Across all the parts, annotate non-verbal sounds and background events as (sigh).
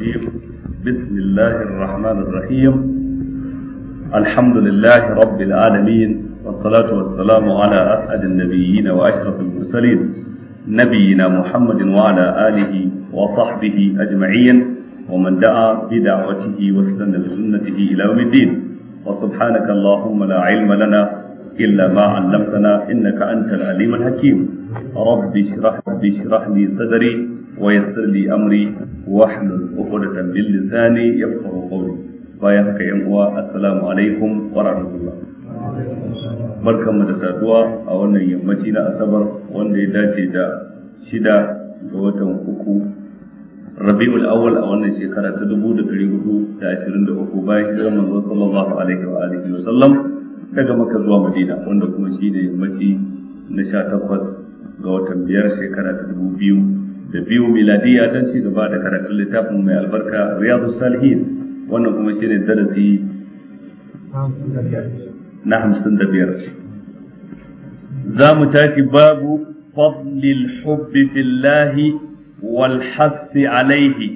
الرجيم بسم الله الرحمن الرحيم الحمد لله رب العالمين والصلاة والسلام على أسعد النبيين وأشرف المرسلين نبينا محمد وعلى آله وصحبه أجمعين ومن دعا بدعوته واستنى بسنته إلى يوم الدين وسبحانك اللهم لا علم لنا إلا ما علمتنا إنك أنت العليم الحكيم رب اشرح, رب اشرح لي صدري ويسر لي أمري واحلل عقدة من لساني يفقه قولي bayan haka yan uwa assalamu alaikum wa rahmatullah barkan mu da saduwa a wannan yammaci na asabar wanda ya dace da shida ga watan uku rabi'ul awwal a wannan shekara ta dubu da da da dari ashirin uku, bayan hijirar manzo sallallahu alaihi wa alihi wa sallam daga Makka zuwa Madina wanda kuma shi ne yammaci na sha takwas ga watan biyar shekara ta dubu biyu. da biyu miladiya don ci gaba da karatun littafin mai albarka riyadu salihin wannan kuma shine darasi na hamsin da biyar za mu tashi babu fadlil hubbi fillahi wal hassi alaihi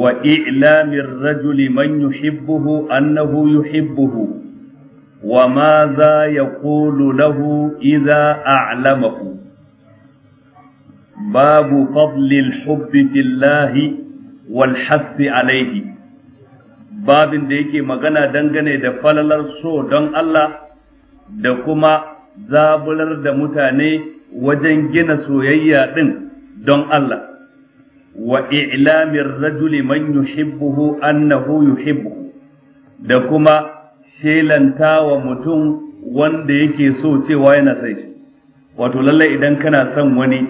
wa ilamin rajuli man yuhibbuhu annahu yuhibbuhu wa ma za yaqulu lahu iza a'lamahu باب فضل الحب في الله والحث عليه babin da yake magana dangane da falalar so don Allah da kuma zaburar da mutane wajen gina soyayya din don Allah wa i'lamin rajuli man yuhibbuhu annahu yuhibbuhu da kuma shelanta wa mutum wanda yake so cewa yana sai shi wato lallai idan kana son wani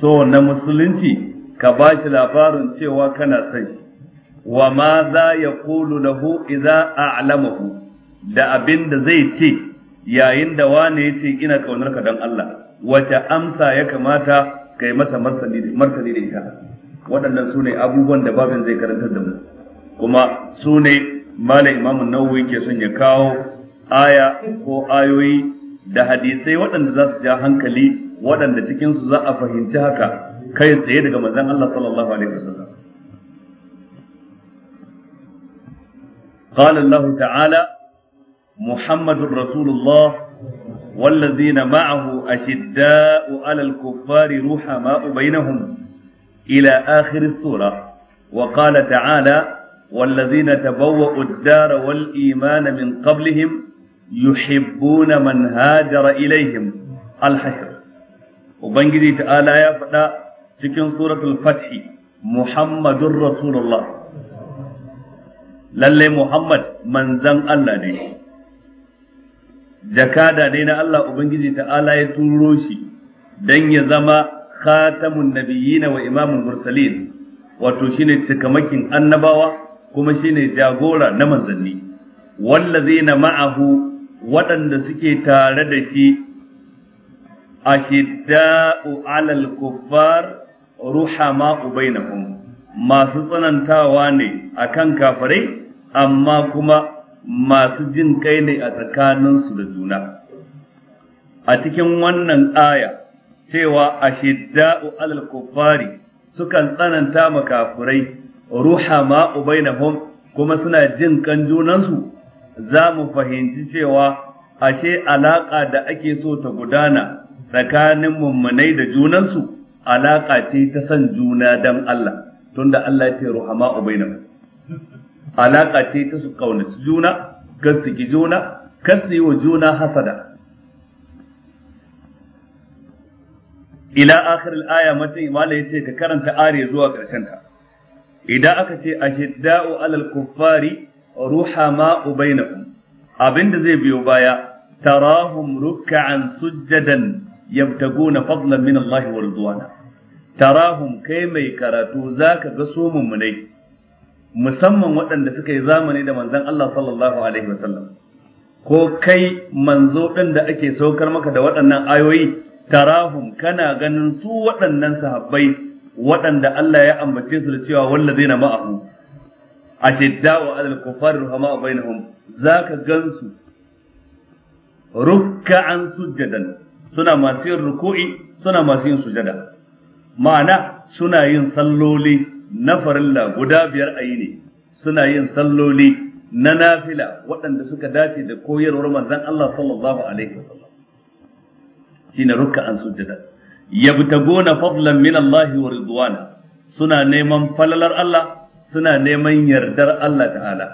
so na musulunci ka ba shi labarin cewa kana sai wa ma za ya kulu lahu alama a'lamahu da abin da zai ce yayin da wane ya ce ina kaunar ka dan Allah wace amsa ya kamata kai masa martani da ita waɗannan su abubuwan da babin zai karantar da mu kuma su ne mala imamun nawawi ke son ya kawo aya ko ayoyi da hadisai waɗanda za su ja hankali waɗanda cikin su za a fahimci haka kai tsaye daga manzon Allah sallallahu alaihi wasallam قال الله تعالى محمد رسول الله والذين معه أشداء على الكفار رحماء بينهم إلى آخر السورة وقال تعالى والذين تبوأوا الدار والإيمان من قبلهم يحبون من هاجر إليهم الحشر ubangiji ta'ala ya faɗa cikin suratul fathi muhammadur rasulullah lallai muhammad manzan Allah ne jakada ne na Allah ubangiji ta'ala ya turo shi don ya zama khatamun Nabiyyina wa imamun mursalin wato shine cikamakin annabawa kuma shine jagora na manzanni wallazina ma'ahu waɗanda suke tare da shi ashidda'u 'alal kuffar ruhama'u bainahum masu tsanantawa ne akan kafirai amma kuma masu jin kai ne a tsakaninsu da juna a cikin wannan aya cewa ashidda'u 'alal kuffari sukan tsananta ma kafirai ruhama'u kuma suna jin kan junansu za mu fahimci cewa ashe alaka da ake so ta gudana tsakanin mummunai da junansu alaƙa ce ta san juna dan Allah tunda Allah ce ruhama ubainahum Alaƙa ce ta su kaunaci juna gaskiki juna kar su yi wa juna hasada ila al aya mace malai yace ka karanta are zuwa karshen ta idan aka ce ashidda'u alal kuffari ruhama'u ubainakum abinda zai biyo baya tarahum ruk'an sujjadan yabtaguna fadlan min Allah wa ridwana tarahum kai mai karatu zaka ga su mummunai musamman waɗanda suka yi zamani da manzon Allah sallallahu alaihi wasallam ko kai manzo ɗin da ake saukar maka da waɗannan ayoyi tarahum kana ganin su waɗannan sahabbai waɗanda Allah ya ambace su da cewa wallazina ma'ahu ashidda wa alal kuffari ruhama bainahum zaka gansu rukka'an sujjadan suna masu yin ruku'i suna masu yin sujada ma'ana suna yin salloli na farilla guda biyar a ne suna yin salloli na nafila waɗanda suka dace da koyarwar manzan Allah sallallahu alaihi wasallam shine an sujada yabtaguna fadlan min Allah wa ridwana suna neman falalar Allah suna neman yardar Allah ta'ala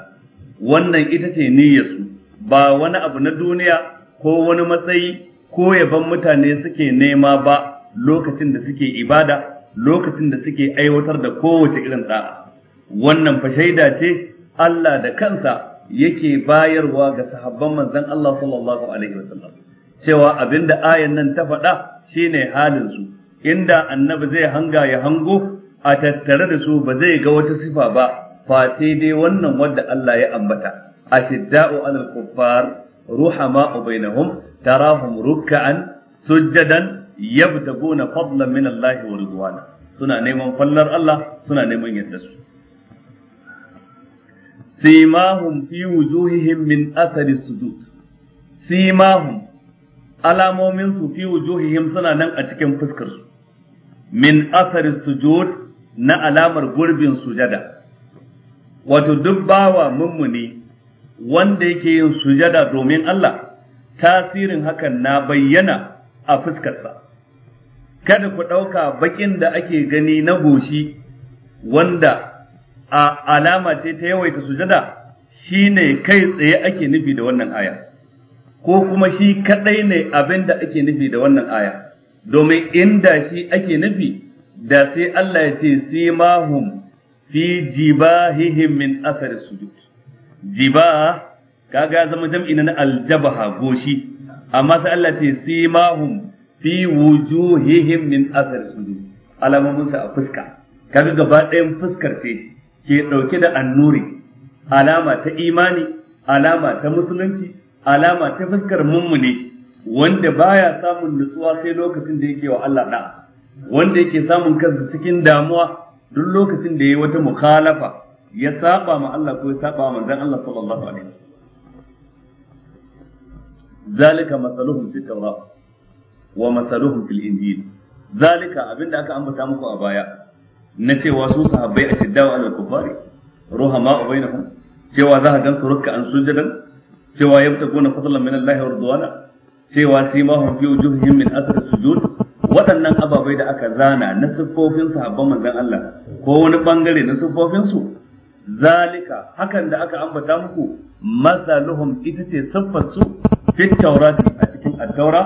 wannan ita ce niyyarsu ba wani abu na duniya ko wani matsayi ko yaban mutane suke nema ba lokacin da suke ibada lokacin da suke aiwatar da kowace irin da'a wannan fa shaida ce Allah da kansa yake bayarwa ga sahabban manzon Allah sallallahu alaihi wasallam cewa abinda ayan nan ta faɗa shine halin su inda annabi zai hanga ya hango a tattare da su ba zai ga wata sifa ba face dai wannan wadda Allah ya ambata ashidda'u alal kuffar ruhama bainahum tarahum ruk'an sujjadan yabtaguna fadlan min Allah wa ridwana suna neman fallar Allah suna neman yadda su simahum fi wujuhihim min athari sujud simahum alamomin su suna nan a cikin fuskarsu. su min athari sujud na alamar gurbin sujada wato duk bawa ne wanda yake yin sujada domin Allah tasirin hakan na bayyana a fuskarsa kada ku ɗauka bakin da ake gani na goshi wanda a alama ce ta yawaita sujada shine kai tsaye ake nufi da wannan aya ko kuma shi kadai ne abin da ake nufi da wannan aya domin inda shi ake nufi da sai Allah ya ce simahum fi jibahihim min asar sujud jibah kaga ya zama jam'i na aljabaha goshi amma sai Allah ce simahum fi wujuhihim min athar sujud alamomin sa a fuska kaga gaba ɗayan fuskar ce ke dauke da annuri alama ta imani alama ta musulunci alama ta fuskar mummune wanda baya samun nutsuwa sai lokacin da yake wa Allah da wanda yake samun kansa cikin damuwa duk lokacin da yayi wata mukhalafa ya saba ma Allah ko ya saba manzon Allah sallallahu alaihi wasallam zalika masaluhum fit tawrat wa masaluhum fil injil zalika abinda aka ambata muku a baya na cewa su sahabbai a shiddawa al kufari ruhama bainahum cewa za ka gan su rukka an sujadan cewa gona fadlan min Allah wa ridwana cewa sima hum fi wujuhihim min athar sujud waɗannan ababai da aka zana na siffofin sahabban manzon Allah ko wani bangare na siffofin su zalika hakan da aka ambata muku masaluhum ita ce siffar su fi taurati a cikin at-taura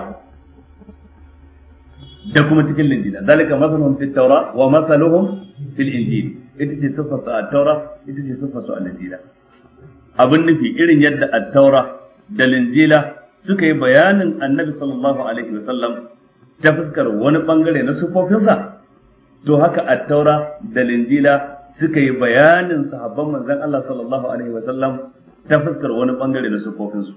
da kuma cikin linjila zalika masalun fi taura wa masaluhum fil injil ita ce siffar su at-taura ita ce siffar su al-injila abin nufi irin yadda at-taura da linjila suka yi bayanin annabi sallallahu ta fuskar wani bangare na to haka at da linjila suka yi bayanin sahabban manzon Allah sallallahu alaihi wa sallam ta fuskar wani bangare na sufofinsu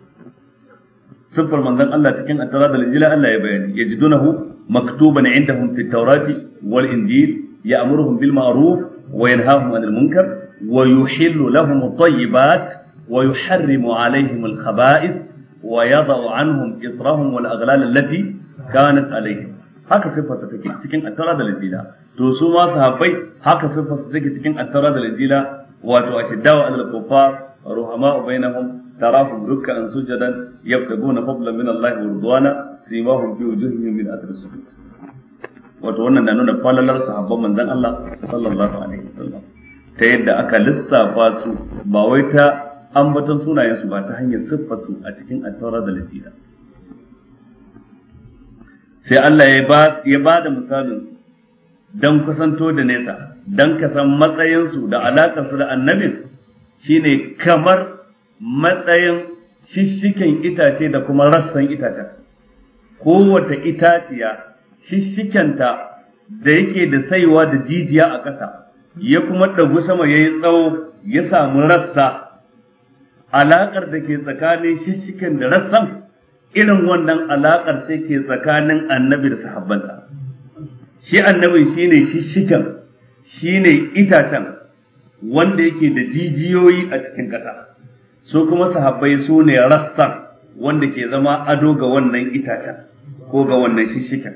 siffar manzon Allah cikin at-taura da injila Allah ya bayani yajidunahu maktuban indahum fit tawrati wal injil ya'muruhum bil ma'ruf wa yanhahum 'anil munkar wa yuhillu lahum at-tayyibat wa yuharrimu 'alayhim al-khaba'ith wa yadh'u 'anhum israhum wal aghlal allati kanat 'alayhim haka siffarsa take cikin attara da linjila to su ma sahabbai haka siffarsa take cikin attara da linjila wato ashiddawa alal kufar ruhama bainahum tarahum ruk'an sujadan yabtaguna fadlan min Allah wa ridwana simahum fi wujuhihim min athar sujud wato wannan na nuna falalar sahabban manzon Allah sallallahu alaihi wasallam ta yadda aka lissafa su ba wai ta ambaton sunayen su ba ta hanyar siffar su a cikin at da lisira sai Allah ya ba ya ba da misalin dan kusanto da nesa dan ka san matsayin su da alakar su da annabin shine kamar matsayin shishiken itace da kuma rassan itacen kowace itaciya shishikenta da yake da saiwa da jijiya a ƙasa ya kuma ɗagu sama ya yi tsawo ya samu rassa alaƙar da ke tsakanin shishiken da rassan irin wannan alaƙar sai ke tsakanin annabi da sahabbansa shi annabi shi ne shishiken shi ne itacen wanda yake da jijiyoyi a cikin ƙasa su kuma sahabbai su ne rassan wanda ke zama ado ga wannan itacen ko ga wannan shishikan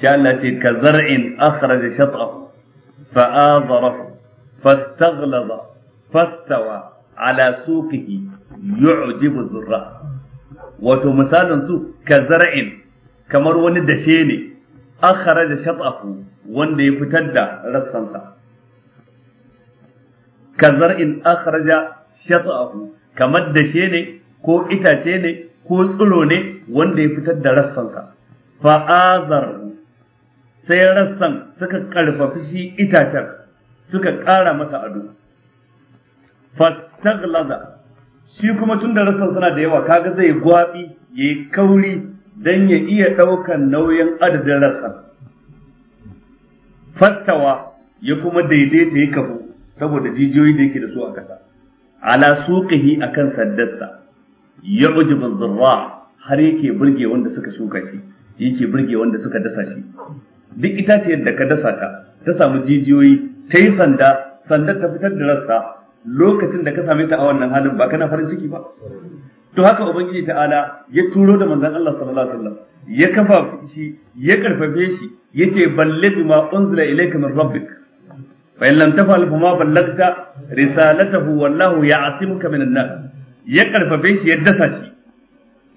sha Allah ce ka zar'in akhraja shat'ahu fa adarahu fastaghlaba fastawa ala suqihi yu'jibu zurra wato misalin su ka zar'in kamar wani dashe ne akhraja shat'ahu wanda ya fitar da rassansa ka zar'in akhraja shat'ahu kamar dashe ne ko itace ne ko tsiro ne wanda ya fitar da rassansa fa'azar sai rassan suka karfafi shi itacen suka ƙara masa ado fastaglaza shi kuma tun da rassan suna da yawa kaga zai gwabi yayi kauri dan ya iya ɗaukan nauyin adadin rassan fattawa ya kuma daidaita ya kafu saboda jijiyoyi da yake da su a ƙasa ala suqihi akan saddarsa ya az-zarra har yake burge wanda suka shuka shi yake burge wanda suka dasa shi duk itaciyar da ka dasa ta ta samu jijiyoyi ta yi sanda sandar ta fitar da rassa lokacin da ka same ta a wannan halin ba kana farin ciki ba to haka ubangiji ta'ala ya turo da manzon Allah sallallahu alaihi wasallam ya kafa shi ya karfafe shi yace balligh ma unzila ilayka min rabbik fa in lam tafal fa ma ballagta risalatahu wallahu ya'simuka minan nas ya shi ya dasa shi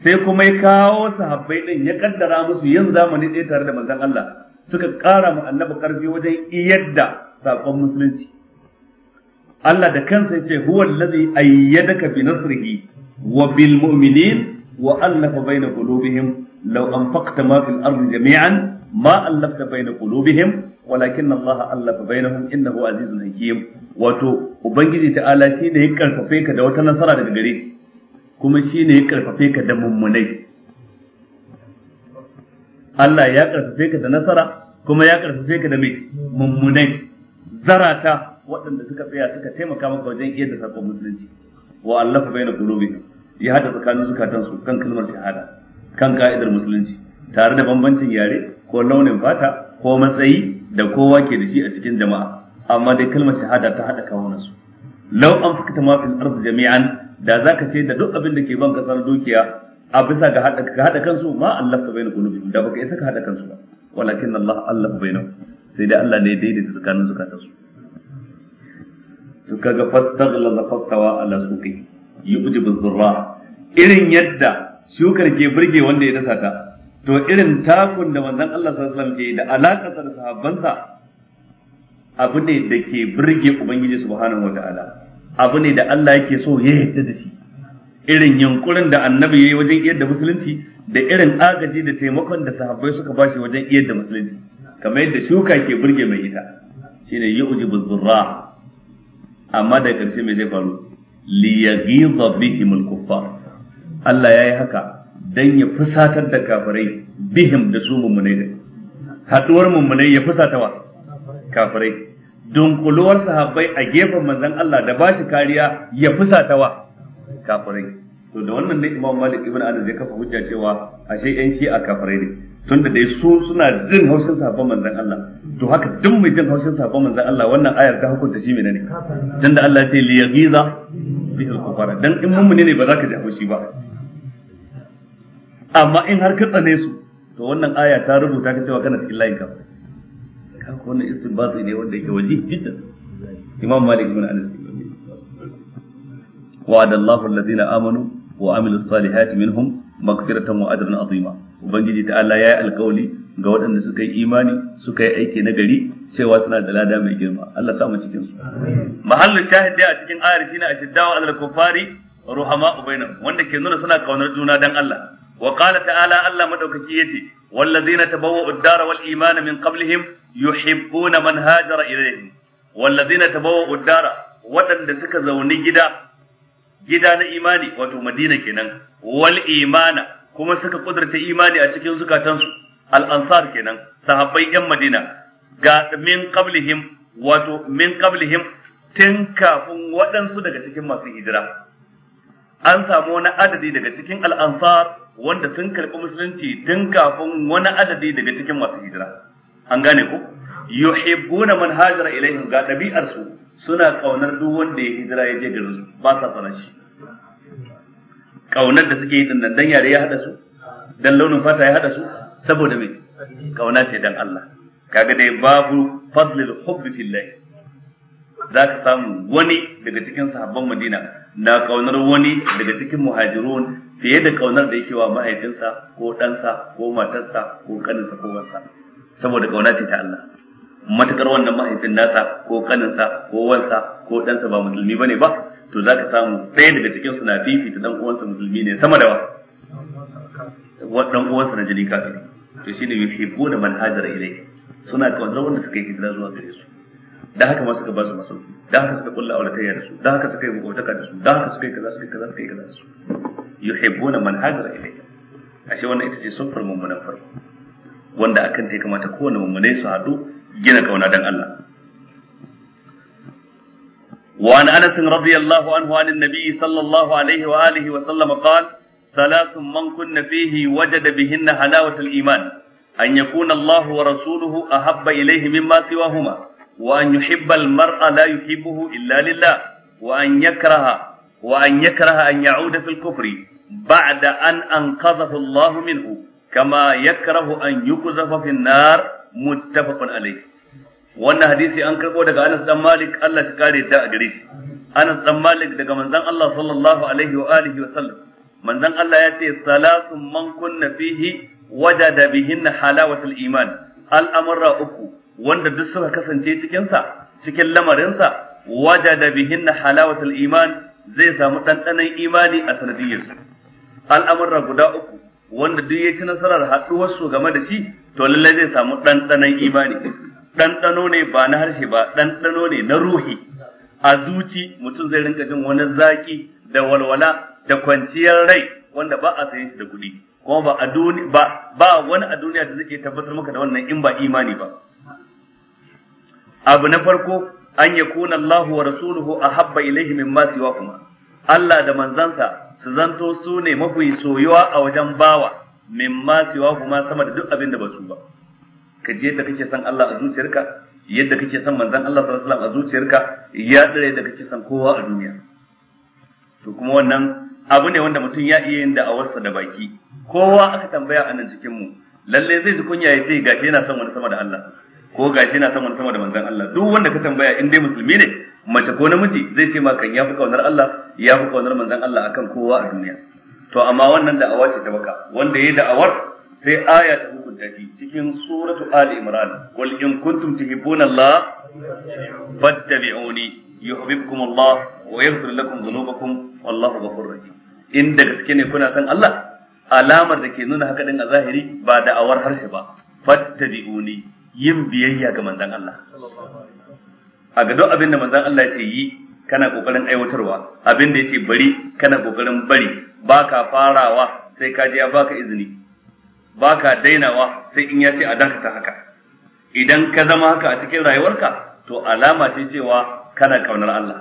sai kuma ya kawo sahabbai din ya kaddara musu yin zamani ɗaya tare da manzon Allah suka ƙara mu annabi karfi wajen iyadda saƙon musulunci Allah da kansa yace huwa allazi ayyadaka bi nasrihi wa bil mu'minin wa allafa baina qulubihim law anfaqta ma fil ardi jami'an ma allafta baina qulubihim walakin Allah allafa bainahum innahu azizun hakim wato ubangiji shi ne ya karfafe ka da wata nasara daga gare shi kuma shine ya karfafe ka da mummunai Allah ya karfafe ka da nasara kuma ya karfafe ka da mai mummunai zarata waɗanda suka tsaya suka taimaka maka wajen iya da sakon musulunci wa allafa baina qulubihim ya hada tsakanin su kan kalmar shahada kan ka'idar musulunci tare da bambancin yare ko launin fata ko matsayi da kowa ke da shi a cikin jama'a amma dai kalmar shahada ta hada kawunan su law an fukata ma fil ardi jami'an da zaka ce da duk abin da ke ban kasar dukiya a bisa ga hada ka hada kansu ma Allah ka bayyana kullu da baka isa ka hada kansu ba walakin Allah Allah bayyana sai dai Allah ne ya daidaita tsakanin zukatansu to kaga la fastawa ala suqi yujibu dhurra irin yadda shukar ke burge wanda ya dasa ta to irin takun da manzon Allah sallallahu alaihi wasallam ke da alaka da sahabbansa abu ne da ke burge ubangiji subhanahu wataala abu ne da Allah yake so ya yarda da shi irin yunkurin da annabi yayi wajen iyar da musulunci da irin agaji da taimakon da sahabbai suka bashi wajen iyar da musulunci kamar yadda shuka ke burge mai ita shine yu'jibu zurra amma da karshe mai zai faru li yaghiza bihim al-kuffar Allah yayi haka dan ya fusatar da kafirai bihim da su mummunai da haduwar mummunai ya fusata wa kafirai dunkuluwar sahabbai a gefen manzon Allah da ba shi kariya ya fusata wa kafirai to da wannan ne Imam Malik ibn Anas ya kafa hujja cewa ashe yan shi a kafirai ne tunda dai su suna jin haushin sahabban manzon Allah to haka duk mai jin haushin sahabban manzon Allah wannan ayar ta hukunta shi menene tunda Allah ya ce li yaghiza bihil kufara dan in mummune ne ba za ka ji haushi ba amma in har ka tsane su to wannan aya ta rubuta ka cewa kana cikin layin kafir kan ko wannan istinbati ne wanda yake waje jiddan imam malik ibn anas wa'ada Allahu alladhina amanu wa amilu salihati minhum maghfiratan wa ajran azima ubangiji ta Allah yi alkawali ga waɗanda suka yi imani suka yi aiki na gari cewa suna da lada mai girma Allah sa mu cikin su mahallu shahid dai a cikin ayar shine ashiddawa alal kufari ruhama ubainahum wanda ke nuna suna kaunar juna dan Allah wa ta'ala Allah madaukaki yace wallazina tabawwa'u ad-dara wal imana min qablihim yuhibbuna man hajara ilayhim wallazina tabawwa'u ad-dara waɗanda suka zauni gida na imani wato madina kenan wal kuma suka kudurta imani a cikin zukatansu al ansar kenan sahabbai yan madina ga min qablihim wato min qablihim tun kafin waɗansu daga cikin masu hijira an samu wani adadi daga cikin wanda sun karɓi musulunci tun kafin wani adadi daga cikin masu hijira an gane ku. yuhibbuna man hajara ilaihim ga ɗabi'ar su suna kaunar duk wanda ya hijira ya je garin ba sa tsara shi kaunar da suke yi dinnan dan yare ya hada su dan launin fata ya hada su saboda me kauna ce dan Allah kaga dai babu fadlil hubbi fillah za ka samu wani daga cikin sahabban madina na kaunar wani daga cikin muhajirun fiye da kaunar da yake wa mahaifinsa ko ɗansa ko matarsa ko kaninsa ko wansa saboda kauna ce ta Allah matakar wannan mahaifin nasa ko kaninsa ko wansa ko ɗansa ba musulmi bane ba to za ka samu ɗaya daga cikin suna fifita dan uwansa musulmi ne sama da wa dan uwansa na jini kafiri to shi shine yuhibbuna man hajara ilai suna kaunar wanda suka yi hijira zuwa gare su da haka ma suka ba su masauki da haka suka kulla auratayya da su da haka suka yi makwataka da su da haka suka yi kaza suka yi kaza suka yi kaza da su yuhibbuna man hajara ilayhi ashe wannan ita ce sufar mummunan farko wanda akan ce kamata kowane mummune su hadu gina kauna dan Allah wa an anas radiyallahu anhu an nabi sallallahu alaihi wa alihi wa sallam qala ثلاث من كن فيه وجد بهن حلاوة الإيمان أن يكون الله ورسوله أحب إليه مما سواهما وأن يحب المرء لا يحبه إلا لله وأن يكره وأن يكره أن يعود في الكفر بعد أن أنقذه الله منه كما يكره أن يقذف في النار متفق عليه wannan hadisi an karbo daga Anas dan Malik Allah ya kare ta a gare shi Anas Malik daga manzon Allah sallallahu alaihi wa alihi wa sallam manzon Allah ya ce salatu man kunna fihi wajada bihinna iman al'amurra uku wanda duk suka kasance cikin cikin lamarinsa wajada bihinna halawatul iman zai samu ɗanɗanon imani a sanadiyyarsu al'amurra guda uku wanda duk ya ci nasarar haɗuwar su game da shi to lallai zai samu ɗanɗanon imani ɗanɗano ne ba na harshe ba ɗanɗano ne na ruhi a zuci mutum zai rinka jin wani zaki da walwala da kwanciyar rai wanda ba a sayan shi da kuɗi kuma ba a ba ba wani a duniya da zai tabbatar maka da wannan in ba imani ba abu na farko an yakuna Allahu wa rasuluhu ahabba ilayhi mimma siwa kuma Allah da manzansa su zanto su ne mafi soyuwa a wajen bawa mimma siwa kuma sama da duk abin da ba su ba ka je yadda kake san Allah a zuciyarka yadda kake san manzon Allah sallallahu alaihi wasallam a zuciyarka ya dare da kake san kowa a duniya to kuma wannan abu ne wanda mutum ya iya yin da awarsa da baki kowa aka tambaya a nan cikin mu lalle zai ji kunya ya ce gashi yana son wani sama da Allah ko ga shi na sama wani sama da manzon Allah duk wanda ka tambaya in dai musulmi ne mace ko namiji zai ce ma kan ya yafi kaunar Allah ya yafi kaunar manzon Allah akan kowa a duniya to amma wannan da awace ta baka wanda yayi da'awar sai aya ta hukunta shi cikin suratu ali imran qul in kuntum tuhibbuna Allah fattabi'uni yuhibbukum Allah wa yaghfir lakum dhunubakum wallahu ghafurur rahim in da gaske ne kuna san Allah alamar da ke nuna haka din a zahiri ba da'awar harshe ba fattabi'uni yin biyayya ga manzon Allah a ga duk abin da manzon Allah ya yi kana kokarin aiwatarwa abin da yake bari kana kokarin bari baka farawa sai ka je ya baka izini baka dainawa sai in ya ce a dakata haka idan ka zama haka a cikin rayuwarka to alama ce cewa kana kaunar Allah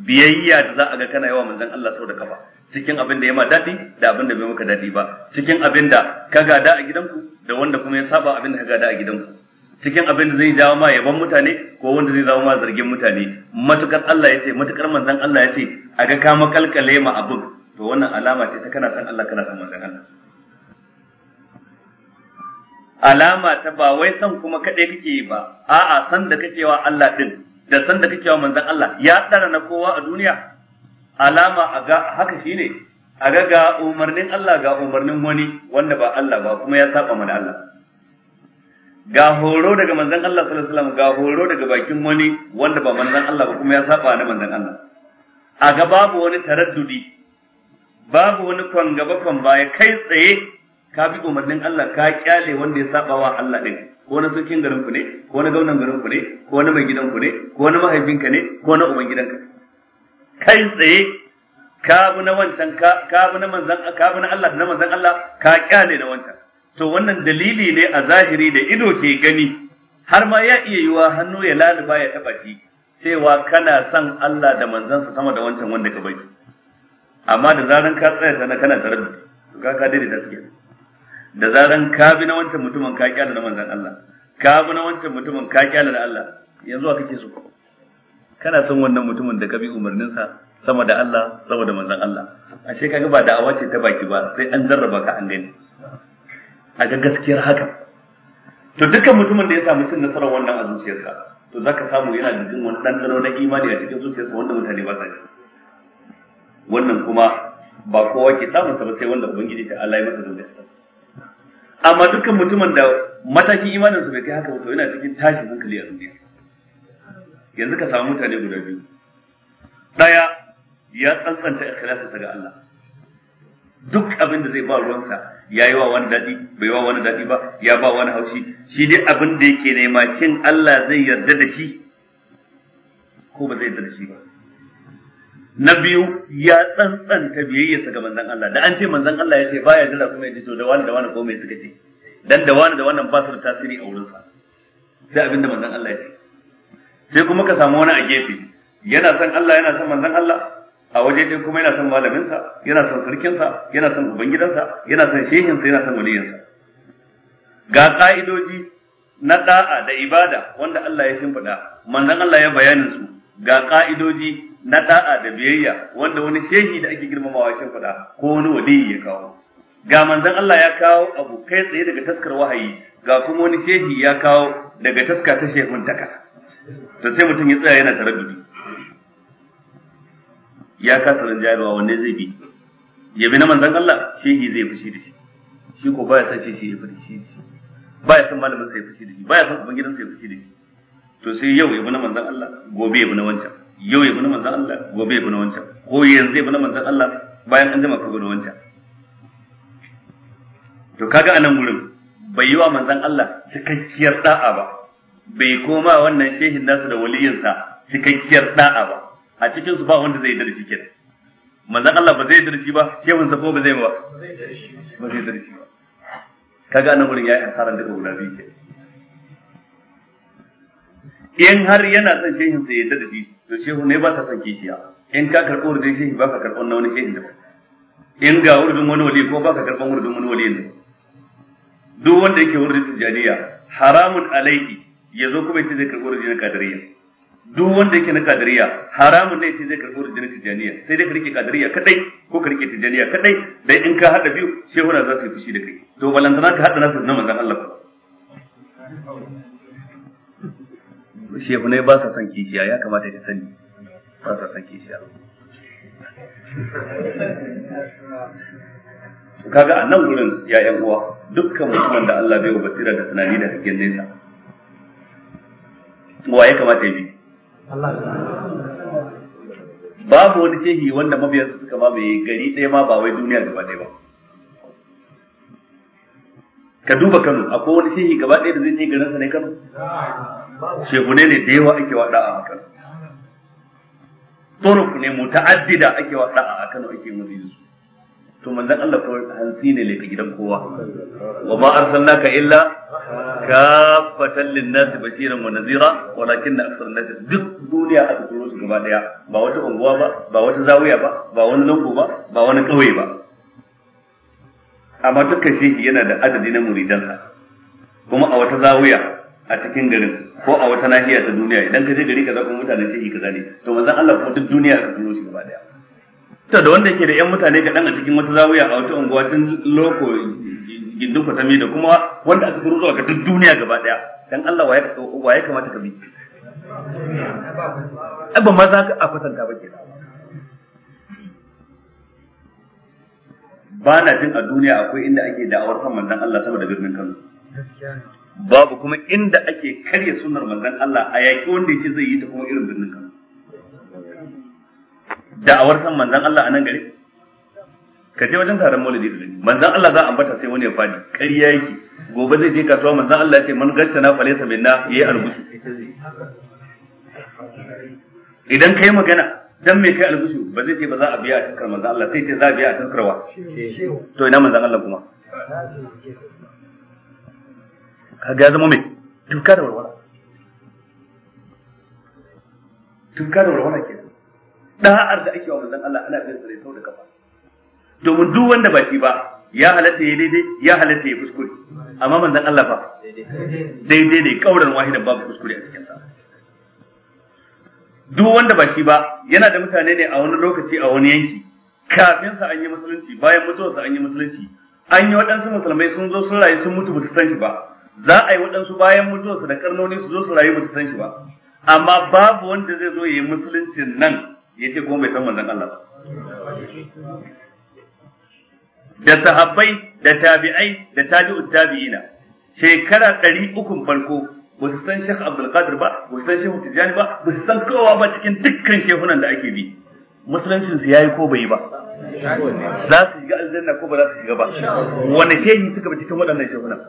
biyayya da za a ga kana yawa manzan Allah sau da kafa cikin abin da ya ma daɗi da abin da bai maka daɗi ba cikin abin da ka gada a gidanku da wanda kuma ya saba abin da ka gada a gidanku cikin abin da zai jawo ma yaban mutane ko wanda zai jawo ma zargin mutane matukar Allah ya ce matukar manzon Allah ya ce a ga ka makalkale ma abu to wannan alama ce ta kana san Allah kana san manzon Allah alama ta ba wai san kuma kadai kake yi ba a'a san da kake wa Allah din da san da kake wa manzon Allah ya tsara na kowa a duniya alama a ga haka shine a ga ga umarnin Allah ga umarnin wani wanda ba Allah ba kuma ya saba mana Allah ga horo daga manzon Allah sallallahu alaihi wasallam ga horo daga bakin wani wanda ba manzon Allah ba kuma ya saba ne manzon Allah a ga babu wani taraddudi babu wani kwan gaba kwan baya kai tsaye ka bi umarnin Allah ka kyale wanda ya saba wa Allah din ko na sokin garin ku ne ko na gaunan garin ku ne ko na mai gidan ku ne ko na mahaifinka ne ko na uban gidanka kai tsaye ka bi na wancan ka bi na manzon ka bi na Allah na manzon Allah ka kyale na wancan to wannan dalili ne a zahiri da ido ke gani har ma ya iya yiwa hannu ya laluba ya taba shi cewa kana son Allah da manzansa sama da wancan wanda ka bari amma da zaran ka tsaya sana kana tare da to ka ka daidaita suke da zaran ka bi na wancan mutumin ka kyale na manzan Allah ka bi na wancan mutumin ka kyale na Allah yanzu a kake so kana son wannan mutumin da ka bi umarninsa sama da Allah sama da manzan Allah ashe kaga ba da'awa ce ta baki ba sai an jarraba ka an gani a ga gaskiyar haka to dukkan mutumin da ya samu cin nasarar wannan a zuciyarsa to za ka samu yana da jin wani ɗanɗano na imani a cikin zuciyarsa wanda mutane ba sa ji wannan kuma ba kowa ke samun sa ba sai wanda ubangiji ta Allah ya masa dogarsa amma dukkan mutumin da matakin imanin su bai kai haka ba to yana cikin tashin hankali a duniya yanzu ka samu mutane guda biyu daya ya tsantsanta ikhlasa ga Allah duk abin da zai ba ruwansa ya yi wa wani daɗi bai wa wani daɗi ba ya ba wani haushi shi dai abin da yake nema kin Allah zai yarda da shi ko ba zai yarda da shi ba na biyu ya tsantsanta biyayyarsa ga manzon Allah da an ce manzon Allah ya ce baya jira kuma ya ji to da wani da wani ko mai suka ce dan da wani da wannan ba su da tasiri a wurinsa sai abin da manzon Allah ya ce sai kuma ka samu wani a gefe yana son Allah yana son manzon Allah a waje dai kuma yana son malaminsa yana son sarkinsa yana son ubangidansa yana son shehinsa yana son waliyinsa ga ka'idoji na da'a da ibada wanda Allah ya shimfiɗa manzon Allah ya bayanin su ga ka'idoji na da'a da biyayya wanda wani shehi da ake girmamawa ya shimfiɗa ko wani waliyi ya kawo ga manzon Allah ya kawo abu kai tsaye daga taskar wahayi ga kuma wani shehi ya kawo daga taska ta shehuntaka to sai mutum ya tsaya yana tarabbi ya kasa rinjayarwa wanne zai bi ya bi na manzan Allah shehi zai fushi da shi shi ko baya san shehi ya fushi da shi baya san malamin sai fushi da shi baya san kuma gidan sai fushi da shi to sai yau ya bi na manzan Allah gobe ya bi na wancan yau ya bi na manzan Allah gobe ya bi na wancan ko yanzu ya bi na manzan Allah bayan an jima ka bi na wancan to kaga anan gurin bai yi wa manzan Allah cikakkiyar da'a ba bai koma wannan shehin nasu da waliyinsa cikakkiyar da'a ba a cikin su ba wanda zai dirshi da shi kenan manzon Allah ba zai dirshi ba ke sa ko ba zai ba ba zai dirshi ba kaga nan gurin yayi asaran duka guda biyu kenan in har yana son shehin sa yadda da shi to shehu ne ba ka son kishiya in ka karɓo wurin shi ba ka karɓo na wani shehin da in ga wurin wani wali ko ba ka karɓo wurin wani wali ne duk wanda yake wurin tijaniya haramun alaihi ya zo kuma yace zai karɓo wurin kadariya duk wanda yake na kadariya haramun ne sai zai karbo da jinin tijaniya sai dai ka rike kadariya kadai ko ka rike tijaniya kadai dai in ka hada biyu shehuna za su yi fushi da kai to balantana ka hada nasu na manzon Allah shehunai ba sa son kishiya ya kamata ka sani ba sa son kishiya kaga a nan wurin ya yan uwa dukkan mutumin da Allah bai wa basira da tunani da hakkin nesa wa ya kamata ya bi babu wani shehi wanda mabiyansa suka mamaye gari ɗaya ma ba wai duniya gaba ɗaya ba ka duba Kano akwai wani shehi gaba ɗaya da zai ce garinsa ne Kano shehu ne da yawa ake wa ɗa'a a Kano turuk ne mu ta'addida ake wa ɗa'a a Kano ake yanzu. to manzon Allah ko hantsi ne laifi gidan kowa wa ma arsalnaka illa kafatan linnasi bashiran wa nazira walakin aksar nas duk duniya aka turo su gaba daya ba wata unguwa ba ba wata zawiya ba ba wani lungu ba ba wani kauye ba amma dukkan shehi yana da adadi na muridansa kuma a wata zawiya a cikin garin ko a wata nahiya ta duniya idan ka je gari ka zaɓi mutanen shehi kaza ne to manzon Allah ko duk duniya aka turo su gaba daya ta da wanda ke da yan mutane kaɗan a cikin wata zawiya a wata unguwa tun loko gindin kwatami da kuma wanda aka turo zuwa ga duk duniya gaba ɗaya dan Allah wa ya kamata ka bi abin ma za ka a kwatanta ba ke. ba na jin a duniya akwai inda ake da'awar san manzon Allah sama da birnin Kano babu kuma inda ake karya sunar manzon Allah a yaƙi wanda yake zai yi ta kuma irin birnin Kano da'awar san manzan Allah a nan gari ka je wajen taron maulidi da gani manzan Allah za a ambata sai wani ya fadi ƙarya yake gobe zai je kasuwa manzan Allah ya ce man gasta na falesa na yayi albusu. idan kai magana dan me kai albusu, ba zai ce ba za a biya a tankar manzan Allah sai ce za a biya a tankarwa to ina manzan Allah kuma ka ya zama mai tuka da warwara tuka da warwara kenan da'ar da ake wa manzon Allah ana bin sa sau da kafa domin duk wanda ba shi ba ya halatta ya daidai ya halatta ya kuskure amma manzon Allah ba daidai ne kauran wahidan babu kuskure a cikin sa duk wanda ba shi ba yana da mutane ne a wani lokaci a wani yanki kafin sa an yi musulunci bayan mutuwarsa an yi musulunci an yi waɗansu musulmai sun zo sun rayu sun mutu ba su san shi ba za a yi waɗansu bayan mutuwarsa da karnoni su zo su rayu ba su san shi ba amma babu wanda zai zo ya yi musuluncin nan ya ce kuma bai san manzon Allah ba da sahabbai da tabi'ai da tabi'ut tabi'ina shekara ɗari ukun farko ba su san Sheikh Abdul Qadir ba ba su san Sheikh Tijani ba ba su san kowa ba cikin dukkan shehunan da ake bi musuluncin su yayi ko bai ba za su shiga aljanna ko ba za su shiga ba wani shehi suka bi cikin waɗannan shehunan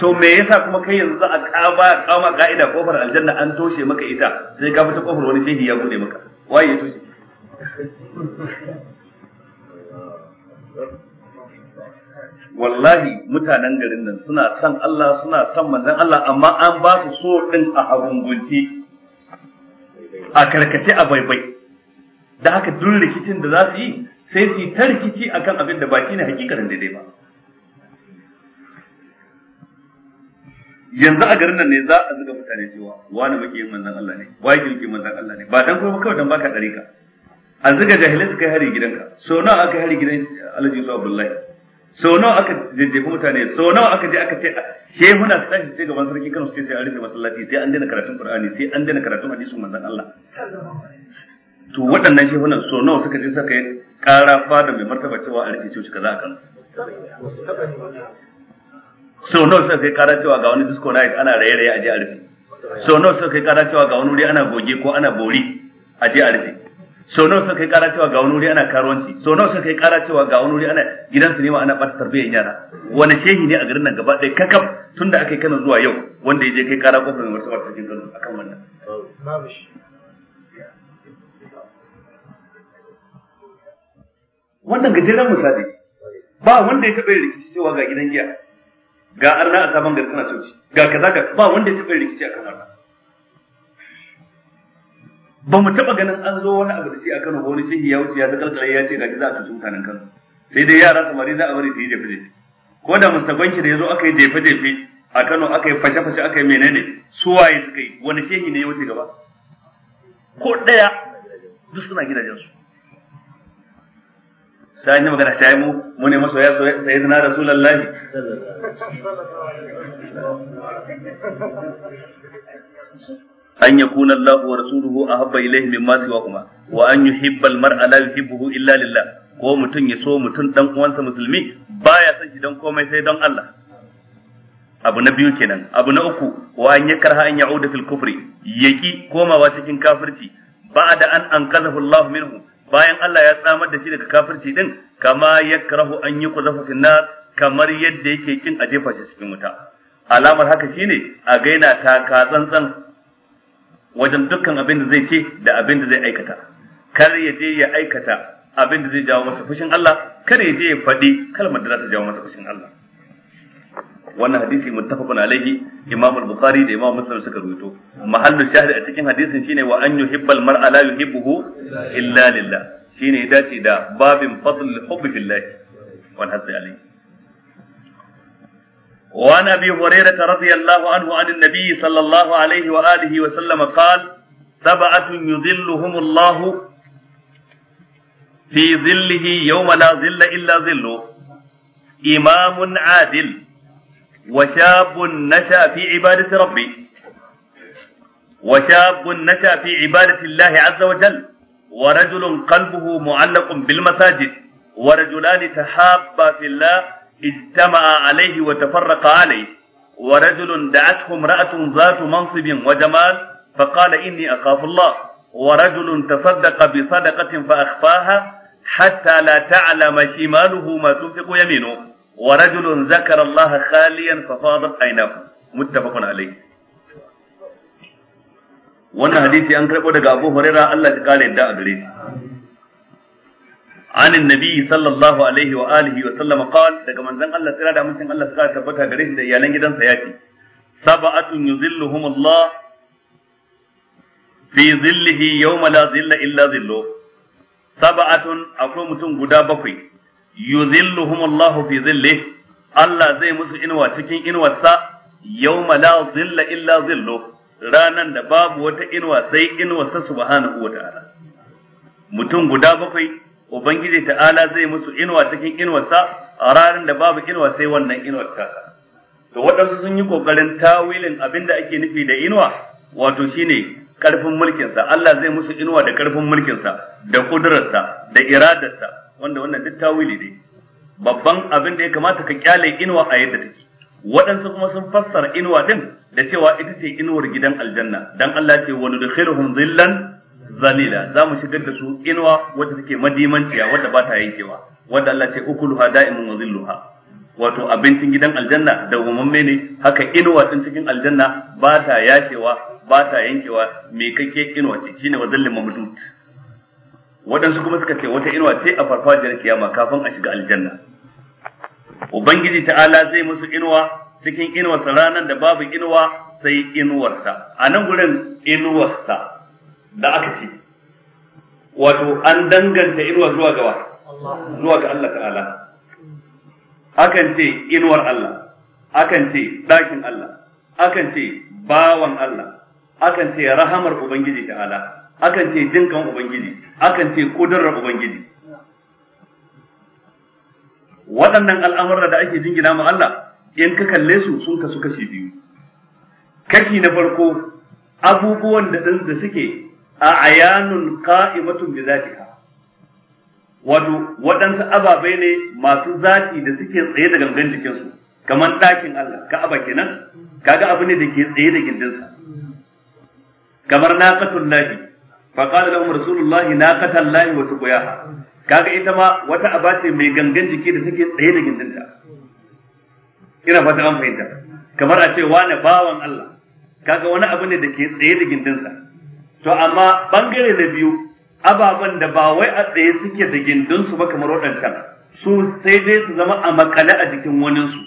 to me yasa kuma kai yanzu za a kaba kama ka'ida kofar aljanna an toshe maka ita sai ka fita kofar wani shehi ya bude maka waye ya toshe wallahi mutanen garin nan suna son Allah suna san manzon Allah amma an ba su so din a hagungunci a karkace a baibai da haka duk rikicin da za su yi sai su yi ta rikici akan abin da baki ne hakikarin daidai ba yanzu a garin nan ne za a zuga mutane cewa wani baki yin manzan Allah ne wai kirki manzan Allah ne ba dan kuma kawai dan baka dare ka a zuga jahilai su kai hari gidanka so nawa aka hari gidan Alhaji Yusuf Abdullahi so nawa aka jajjefi mutane so nawa aka je aka ce ke muna tashi sai gaban sarki su ce sai a rufe masallaci sai an daina karatun Qur'ani sai an daina karatun hadisin manzan Allah to waɗannan shehunan so nawa suka je suka yi ƙara fada mai martaba cewa a rufe coci kaza a Kano so n'o sai kai kara cewa ga wani disco night ana raye-raye a je arfi so no sai kai kara cewa ga wani wuri ana goge ko ana bori a je arfi so no sai kai kara cewa ga wani wuri ana karuwanci so n'o sai kai kara cewa ga wani wuri ana gidan sinima ana bata tarbiyyar yara wani shehi ne a garin nan gaba ɗaya kakaf tun da aka yi zuwa yau wanda ya je kai kara kofar mai martaba cikin kano akan wannan wannan gajeren misali ba wanda ya taɓa yin rikici cewa ga gidan giya ga arna a sabon gari suna sauki. ga kaza ga ba wanda ya taɓa rikici akan arna ba mu taɓa ganin an zo wani abu da shi a Kano wani shehi ya wuce ya zakalkale ya ce ga za a cuci mutanen Kano sai dai yara samari za a bari su yi jefe jefe ko da musabanki da ya zo aka yi jefe jefe a Kano aka yi fashe fashe aka yi menene suwaye suka yi wani shehi ne ya wuce gaba ko ɗaya duk suna gidajensu ta yi magana ta yi mu mu ne masoya sai zina rasulullahi an ya kuna Allah wa rasuluhu ahabba ilayhi mimma siwa kuma wa an yuhibba hibbal mara la yuhibbuhu illa lillah ko mutum ya so mutum dan uwansa musulmi baya son shi dan komai sai don Allah abu na biyu kenan abu na uku wa an karha an ya'uda fil kufri yaki komawa cikin kafirci ba'da an anqadhahu Allah minhu bayan Allah ya tsamar da shi daga kafirci din kama yakrahu an yuqzafa fil nar kamar yadda yake kin a jefa shi cikin wuta alamar haka shine a gaina ta ka tsantsan wajen dukkan abin da zai ce da abin da zai aikata kar ya je ya aikata abin da zai jawo masa fushin Allah kar ya je ya faɗi kalmar da za ta jawo masa fushin Allah wannan hadisi muttafaqun alaihi imam al-bukhari da imam muslim suka rubuto mahallu shahid a cikin hadisin shine wa an yuhibbal mar'a la yuhibbuhu illa lillah shine ya dace da babin fadl hubbi fillah wan hadisi alaihi وعن ابي هريره anhu an عنه عن النبي صلى الله عليه واله وسلم قال سبعه يظلهم الله fi ظله يوم لا ظل illa ظله إمام عادل وشاب نشأ في عبادة ربي وشاب نشأ في عبادة الله عز وجل ورجل قلبه معلق بالمساجد ورجلان تحابا في الله اجتمعا عليه وتفرقا عليه ورجل دعته امرأة ذات منصب وجمال فقال إني أخاف الله ورجل تصدق بصدقة فأخفاها حتى لا تعلم شماله ما تنفق يمينه wa rajulun zakara Allah khaliyan fa fadat aynahu muttafaqun alayh wannan hadisi an karɓo daga Abu Huraira Allah ya kare yadda a gare shi عن sallallahu alaihi الله عليه wa وسلم قال daga manzon Allah tsira da mutun Allah tsira tabbata gare shi da iyalan gidansa yace sab'atun yuzilluhum Allah fi zillihi yawma la zilla illa zillu sab'atun akwai mutum guda bakwai yuzilluhum Allahu fi zillih Allah zai musu inuwa cikin inwarsa yawma la zilla illa zillu ranan da babu wata inuwa sai inuwarsa subhanahu wa ta'ala mutum guda bakwai ubangiji ta'ala zai musu inuwa cikin inuwarsa a ranar da babu inuwa sai wannan inuwar ta to waɗansu sun yi kokarin tawilin abinda ake nufi da inuwa wato shine karfin mulkinsa Allah zai musu inuwa da karfin mulkinsa da kudurarsa da iradarsa wanda wannan duk tawili ne babban abin da ya kamata ka kyale inuwa a yadda take waɗansu kuma sun fassara inuwa din da cewa ita ce inuwar gidan aljanna dan Allah ce wa nudkhiruhum zillan zalila za mu shigar da su inuwa wacce take madimanciya wadda ba ta yankewa wadda Allah ce ukuluha da'imun wa zilluha wato abincin gidan aljanna da gumamme ne haka inuwa din cikin aljanna ba ta yacewa ba ta yankewa me kake inuwa ce shine wa zallin mamdud waɗansu kuma suka ce wata inuwa ce a farfajiyar kiyama kafin a shiga aljanna ubangiji ta'ala zai musu inuwa cikin inuwarsa ranar da babu inuwa sai inuwarsa a nan gurin inuwarsa da aka ce wato an danganta inuwa zuwa gawa zuwa ga Allah ta'ala akan ce inuwar Allah akan ce ɗakin Allah akan ce bawan Allah akan ce rahamar ubangiji ta'ala akan ce jinkan ubangiji akan ce kudurar ubangiji waɗannan al'amuran da ake jingina ma Allah in ka kalle su sun kasu kashi biyu kashi na farko abubuwan da da suke a ayanun qa'imatun bi zatiha wato waɗansu ababai ne masu zati da suke tsaye da gangan jikinsu kamar ɗakin Allah ka'aba kenan kaga abu ne da ke tsaye da gindinsa kamar naqatul lahi fa qala lahum rasulullahi naqata allahi wa tuqyaha kaga ita ma wata aba ce mai gangan jiki da take tsaye da gindinta ina fata an fahimta kamar a ce wani bawan Allah kaga wani abu ne da ke tsaye da gindinsa to amma bangare na biyu ababen da ba wai a tsaye suke da gindinsu ba kamar waɗancan su sai dai su zama a makale a jikin waninsu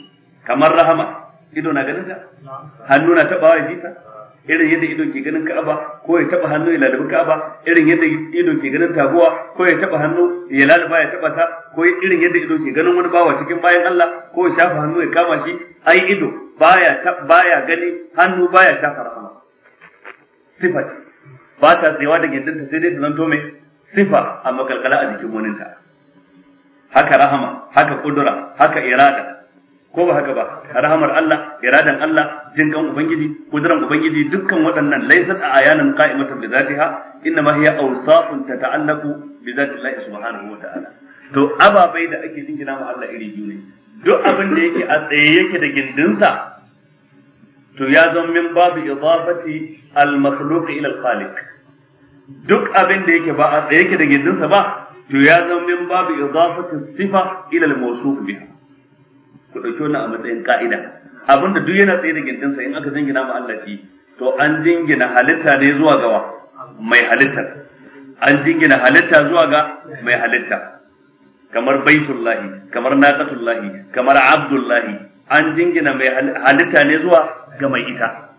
kamar rahama ido na ganin ta hannu na taɓawa jita irin yadda ido ke ganin Ka'aba ko ya taba hannu ya lalabi Ka'aba irin yadda ido ke ganin taguwa ko ya taba hannu ya lalaba ya taba ta ko irin yadda ido ke ganin wani bawa cikin bayan Allah ko ya shafa hannu ya kama shi ai ido baya baya gani hannu baya shafa rahama sifa ba ta tsayawa da gindinta sai dai ta zanto mai sifa a makalkala a jikin ta haka rahama haka kudura haka irada ko ba haka ba rahamar Allah iradan Allah jinkan ubangiji kuduran ubangiji dukkan waɗannan laysat a ayanan qa'imatan bi zatiha inna ma hiya awsafun tata'allaqu bi zati Allah subhanahu wa ta'ala to ababai da ake jingina ma Allah iri biyu ne duk abin da yake a tsaye yake da gindinsa to ya zama min babu idafati al makhluq ila al khaliq duk abin da yake ba a tsaye yake da gindinsa ba to ya zama min babu idafati sifa ila al mawsuf biha ku ɗauki wannan a matsayin ka'ida abinda duk yana tsaye da gindinsa in aka jingina ma Allah ki to an jingina halitta ne zuwa gawa mai halitta an jingina halitta zuwa ga mai halitta kamar baitullahi kamar naqatullahi kamar abdullahi an jingina mai halitta ne zuwa ga mai ita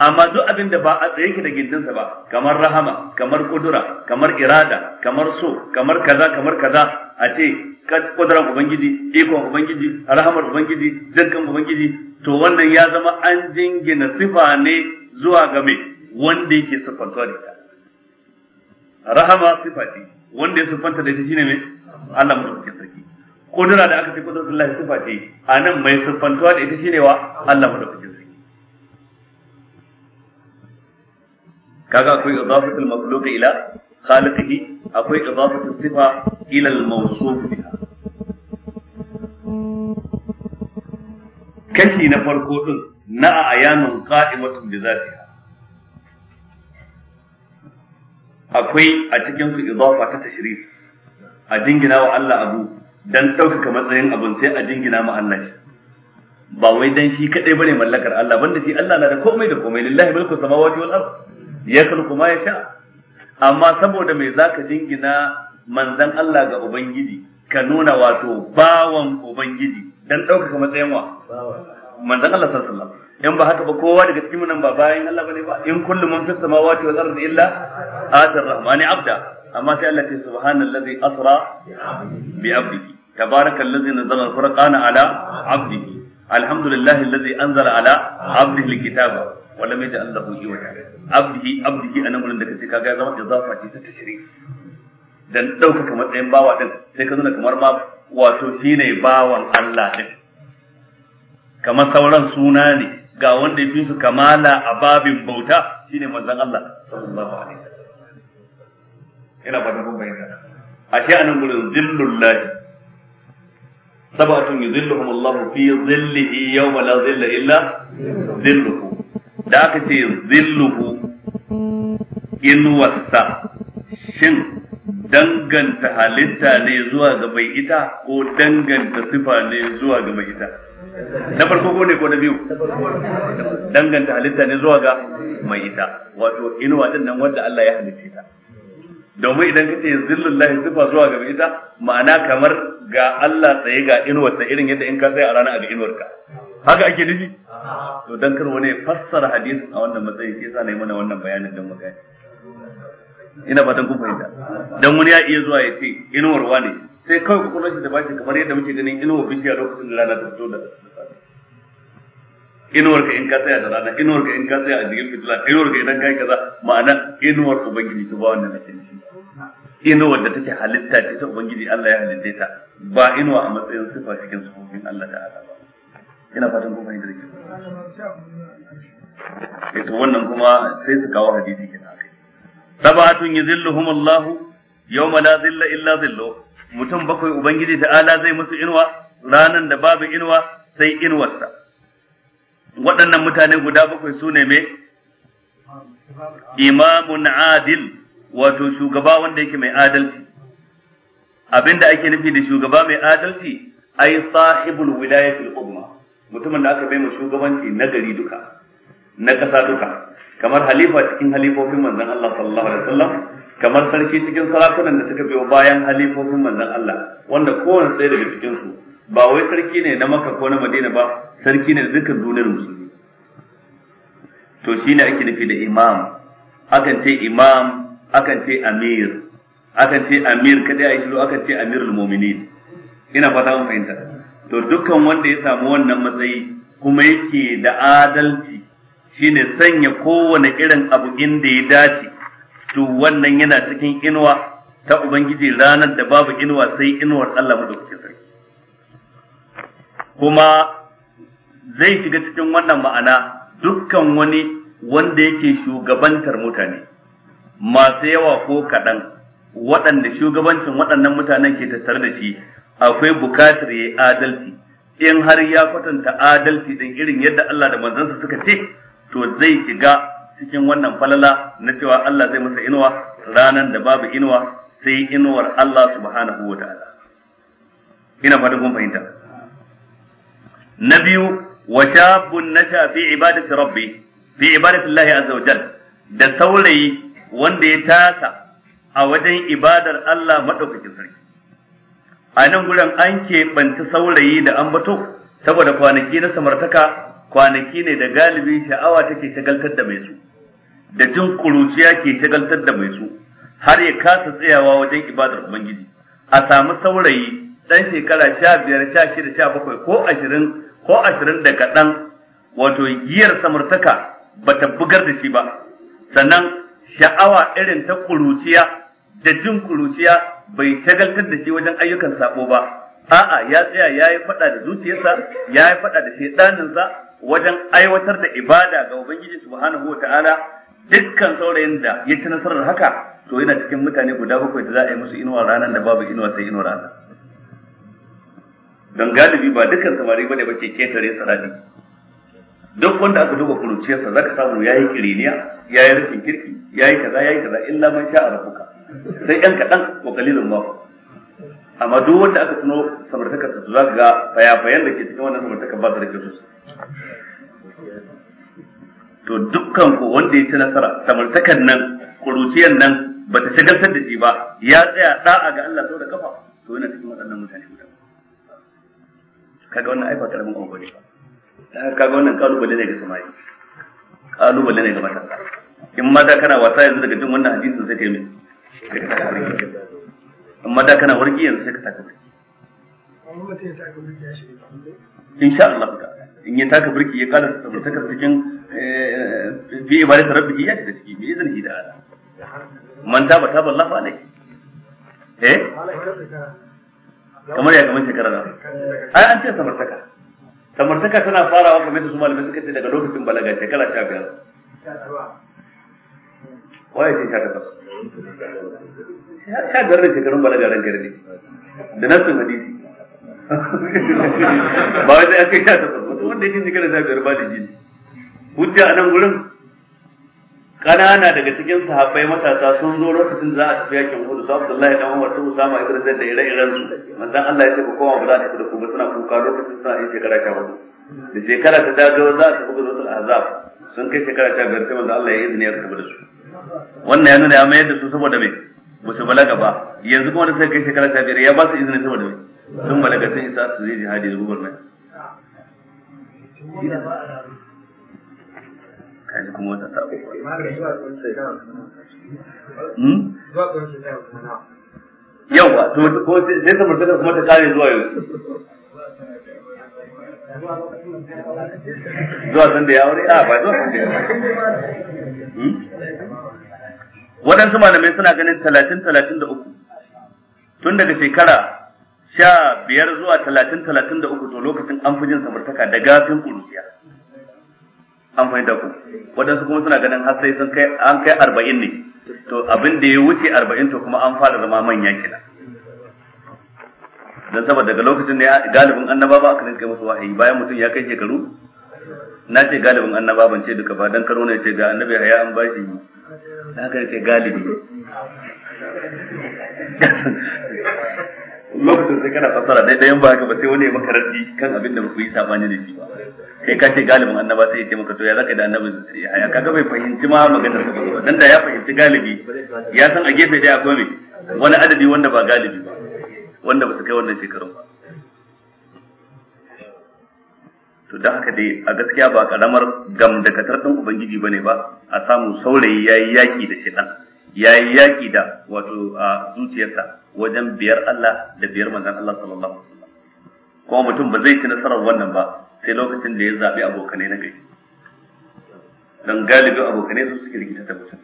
amma duk abin da ba a tsaye ki da gindinsa ba kamar rahama kamar kudura kamar irada kamar so kamar kaza kamar kaza a ce kudurar ubangiji ikon ubangiji rahamar ubangiji zirkan ubangiji to wannan ya zama an jingina sifa ne zuwa ga mai wanda yake siffantuwa da ita rahama sifa ce wanda ya siffanta da ita shine mai Allah dauke sarki kudura da aka ce kudurar Allah sifa ce a nan mai siffantuwa da ita shine wa Allah dauke sarki kaga akwai idafatul makhluq ila khaliqihi akwai idafatu sifa ila al-mawsuf kashi na farko din na ayanun qa'imatun bi zatiha akwai a cikin su ta a jingina wa Allah abu dan ɗaukaka matsayin abun sai a jingina ma Allah shi ba wai dan shi kadai bane mallakar Allah banda shi Allah na da komai da komai lillahi mulku samawati wal ard yakhluqu ma yasha amma saboda mai zaka jingina manzan Allah ga ubangiji ka nuna wato bawan ubangiji dan ɗaukaka matsayin wa manzan Allah sallallahu alaihi wasallam in ba haka ba kowa daga cikin nan ba bayan Allah bane ba in kullum man fis samawati wal ardi illa atir rahmani abda amma sai Allah ya ce subhanallazi asra bi abdihi tabarakallazi nazzala al-furqana ala abdihi alhamdulillahi allazi anzala ala abdihi al-kitaba wala mai da Allah hu iwaya abdihi abdihi anan gurin da kace kaga zama izafa ce ta tashri dan dauka ɗayan bawa din sai ka nuna kamar ma wato shine bawan Allah din kamar sauran suna ne ga wanda ya fi su kamala a babin bauta shine manzon Allah sallallahu alaihi wasallam ina ba kun mun bayyana ashe anan gurin zillullahi سبعة يظلهم الله في ظله يوم لا ظل إلا ظله da aka ce zilluhu in wasta shin danganta halitta ne zuwa ga mai ita ko danganta sifa ne zuwa ga mai ita na farko ko ne ko na biyu danganta halitta ne zuwa ga mai ita wato inuwa din nan wanda Allah ya halitta ta domin idan kace lahi sifa zuwa ga mai ita ma'ana kamar ga Allah tsaye ga ta irin yadda in ka tsaya a rana a ga haka ake nufi to dan kar wani fassara hadisin a wannan matsayi sai sai yi mana wannan bayanin dan magani ina fatan kun fahimta dan wani ya iya zuwa ya ce inuwar wani sai kawai kwakwalwar shi da bashi kamar yadda muke ganin inuwar bishiya lokacin da rana ta fito da inuwar ka in ka tsaya da rana inuwar ka in ka tsaya a jikin fitila inuwar ka idan kai kaza ma'ana inuwar ubangiji ta ba wannan ake inuwar da take halitta ce ta ubangiji Allah ya halitta ta ba inuwa a matsayin sifa cikin sufofin Allah ta'ala ina fatan kun fahimtar da kyau eh, to wannan kuma sai su kawo hadisi kenan akai sabatun yuzilluhum Allah yawma la zilla illa zillu mutum bakwai ubangiji ala zai musu inuwa ranan da babu inuwa sai inuwarsa waɗannan mutane guda bakwai su ne mai imamun adil wato shugaba wanda yake mai adalci abinda ake nufi da shugaba mai adalci ai sahibul wilayatul uzma mutumin da aka bai mu shugabanci na gari duka na ƙasa duka kamar halifa cikin halifofin manzon Allah sallallahu alaihi wasallam kamar sarki cikin sarakunan da suka biyo bayan halifofin manzon Allah wanda kowanne sai daga cikin su ba wai sarki ne na Makka ko na Madina ba sarki ne da dukkan duniyar musulmi to shine ake nufi da imam akan ce imam akan ce amir akan ce amir kada ya yi shiru akan ce amirul mu'minin ina fata mun fahimta to dukkan wanda ya samu wannan matsayi kuma yake da adalci shine sanya kowane irin abu inda ya dace to wannan yana cikin inuwa ta ubangiji ranar da babu inuwa sai inuwar Allah madaukakin kuma zai shiga cikin wannan ma'ana dukkan wani wanda yake shugabantar mutane masu yawa ko kaɗan waɗanda shugabancin waɗannan mutanen ke tattare da shi akwai bukatar yayi adalci in har ya kwatanta adalci din irin yadda Allah da manzansa suka ce to zai shiga cikin wannan falala na cewa Allah zai masa inuwa ranar da babu inuwa sai inuwar Allah subhanahu wa ta'ala ina fatan kun fahimta na biyu wa shabun nasha fi ibadati rabbi fi ibadati Allah azza wajal da saurayi wanda ya tasa a wajen ibadar Allah madaukakin sarki a nan gudan an keɓanta saurayi da ambato saboda kwanaki na samartaka kwanaki ne da galibi sha'awa take shagaltar da mai su da jin kuruciya ke shagaltar da mai su har ya kasa tsayawa wajen ibadar ubangiji a samu saurayi dan shekara sha biyar sha shida sha bakwai ko ashirin ko ashirin da kaɗan wato giyar samartaka ba ta bugar da shi ba sannan sha'awa irin ta kuruciya da jin kuruciya bai shagaltar da shi wajen ayyukan sabo ba a'a ya tsaya ya yi faɗa da zuciyarsa ya yi faɗa da shaidaninsa wajen aiwatar da ibada ga ubangiji subhanahu wa ta'ala dukkan saurayin da ya ci nasarar haka to yana cikin mutane guda bakwai da za a yi musu inuwa ranar da babu inuwa sai inuwa rana don galibi ba dukkan samari bane ba ke ketare sarari duk wanda aka duba kuruciyarsa zaka samu yi kiriniya ya yi rufin kirki ya yi kaza ya yi kaza illa man a rabbuka sai yan kaɗan wa kalilun ma amma duk wanda aka tuno samartaka ta za ka ga fayafayan da ke cikin wannan samartaka ba ta da kyau to dukkan ku wanda ya ci nasara samartakar nan kuruciyar nan ba ta shagaltar da shi ba ya tsaya da'a ga Allah sau da kafa to yana cikin waɗannan mutane guda kaga wannan aifa karamin abu ba. ba kaga wannan kalubale ne ga samari kalubale ne ga matasa in ma da kana wasa yanzu daga jin wannan hadisin sai ka yi sai ka taka birki amma da kana yanzu sai ka taka birki insha Allah ta in ya taka birki ya kara samartakar cikin eh, bi ibadatu ya shiga ciki bi da ala man taba taba Allah eh kamar ya kamar shekara ai an ce samartaka samartaka tana farawa kamar da su malamai suka ce daga lokacin balaga shekara sha biyar waye ce sha takwas ya garin shekarun da hadisi ba wai sai aka yi ta wata wanda yake ba da jini hujja a nan gurin ƙanana daga cikin sahabbai matasa sun zo lokacin za a tafi yakin hudu sa abdullahi dan umar sun usama ibra zai da ire-iren su manzon Allah ya ce ba kowa ba za a tafi da ku ba suna kuka lokacin suna yin shekara ta hudu da shekara ta dago za a tafi ga azab sun kai shekara ta biyar sai manzon Allah ya yi izini ya tafi da su wannan ya nuna ya mayar da su saboda mai ba su balaga ba yanzu kuma da suka kai shekara ta biyar ya ba su izini saboda mai sun balaga sun isa su zai jihadi da gubar mai kaji kuma wata sabo hmm? yawa to ko sai ta murtala kuma ta kare zuwa yau zuwa san da ya aure a ba zuwa san da ya aure hmm? waɗansu malamai suna ganin talatin talatin da uku tun daga shekara sha biyar zuwa talatin talatin da uku to lokacin an fi jin samartaka da gafin ƙuruciya an fahimta ku waɗansu kuma suna ganin har sai sun kai an kai arba'in ne to abin da ya wuce arba'in to kuma an fara zama manya kina don saboda daga lokacin ne galibin annaba ba aka rinka masa wa'ayi bayan mutum ya kai shekaru na ce galibin annaba ban ce duka ba dan karo ne ce ga annabi haya an bashi haka ce galibi lokacin sai kana fassara dai dayan ba haka ba sai wani ya maka kan abin da ba ku yi sabani da shi ba kai ka ce galibin annaba sai ya ce maka to ya zaka da annabi haya kaga bai fahimci ma maganar ka ba dan da ya fahimci galibi ya san a gefe dai akwai wani adadi wanda ba galibi ba wanda ba su kai wannan shekarun ba to da haka dai a gaskiya ba karamar gamdakatar ɗan ubangiji bane ba a samu saurayi yayi yaki da shedan yayi yaki da wato a zuciyarsa wajen biyar Allah da biyar manzon Allah sallallahu alaihi wasallam kuma mutum ba zai ci nasarar wannan ba sai lokacin da ya zabi abokanai na gari dan galibin abokanai su suke rikita da mutum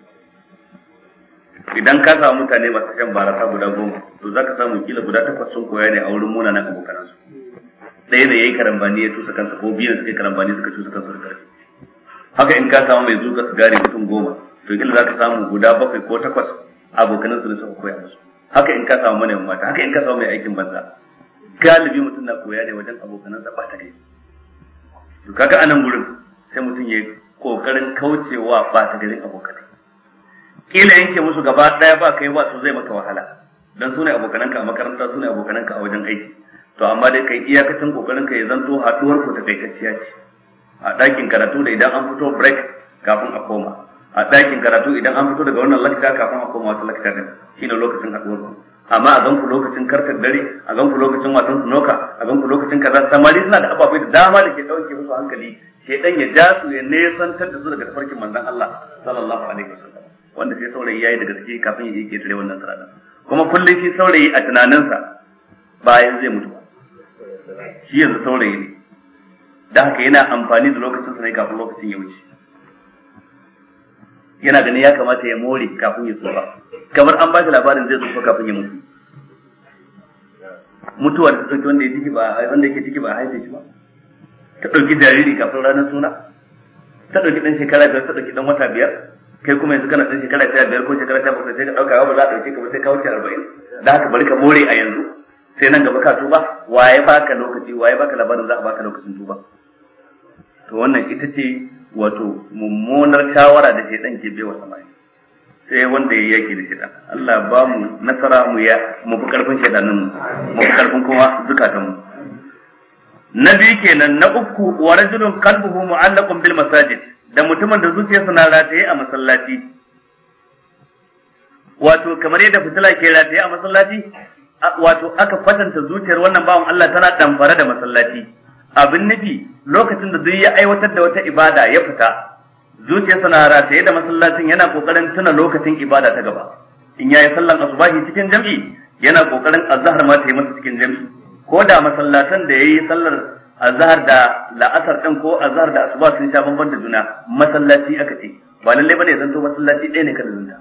idan ka samu mutane masu shan barasa guda goma to za ka samu kila guda takwas sun koya ne a wurin munanan abokanansu ɗaya ne yi karambani ya tusa kansa ko biyu suka karambani suka tusa kansa da ƙarfi. haka in ka samu mai zuka sigari mutum goma to kila za ka samu guda bakwai ko takwas abokanan su ne suka koya musu haka in ka samu manyan mata haka in ka samu mai aikin banza galibi mutum na koya ne wajen abokanansa sa ta gari to kaga anan gurin sai mutum ya yi kokarin kaucewa ba ta garin abokanai kila yanke musu gaba ɗaya ba kai ba su zai maka wahala dan sune abokananka a makaranta sune abokananka a wajen aiki to amma dai kai iyakacin kokarin ka ya zanto haduwar ku ta kai kaciya ce a ɗakin karatu da idan an fito break kafin a koma a ɗakin karatu idan an fito daga wannan lakta kafin a koma wata lakta din shine lokacin haduwar ku amma a ganku lokacin karkar dare a ganku lokacin wasan snooker, a ganku lokacin kaza samari suna da ababai da dama da ke dauke musu hankali shedan ya ja su ya nesantar da su daga tafarkin manzon Allah sallallahu alaihi wasallam wanda sai saurayi yayi daga ciki kafin ya yi ketare wannan sarada kuma kullum shi saurayi a tunaninsa bayan zai mutu shi yanzu saurayi ne da haka yana amfani da lokacin sa ne kafin lokacin ya wuce yana ganin ya kamata ya more kafin ya tsufa kamar an ba shi labarin zai tsufa kafin ya mutu mutuwa da ta ɗauki wanda ya ciki ba wanda yake ciki ba haife shi ba ta ɗauki jariri kafin ranar suna ta ɗauki ɗan shekara biyar ta ɗauki ɗan wata biyar kai kuma yanzu kana ɗan shekara sha biyar ko shekara ta bakwai sai ka ɗauka ba za a ɗauke ka ba sai ka wuce arba'in da haka bari ka more a yanzu sai nan gaba ka tuba waye baka lokaci waye baka labarin za a baka lokacin tuba to wannan ita ce wato mummunar shawara da shedan ke bewa samari sai wanda ya yake da shedan Allah ba mu nasara mu ya mu bi karfin shedanin mu bi karfin kuma zukatan mu na biyu kenan na uku wa rajulun qalbuhu mu'allaqun bil masajid da mutumin da zuciyarsa na rataye a masallaci wato kamar yadda fitila ke rataye a masallaci wato aka kwatanta zuciyar wannan bawan Allah tana damfara da masallaci abin nufi lokacin da duk ya aiwatar da wata ibada ya fita zuciyarsa na rataye da masallacin yana kokarin tuna lokacin ibada ta gaba in yayi sallan asubahi cikin jam'i yana kokarin azhar ma ta yi masa cikin jam'i ko da masallatan da yayi sallar azhar da la'asar ɗin ko azhar da asuba sun sha bamban da juna masallaci aka ce ba ne bane zanto masallaci ɗaya ne kada zunta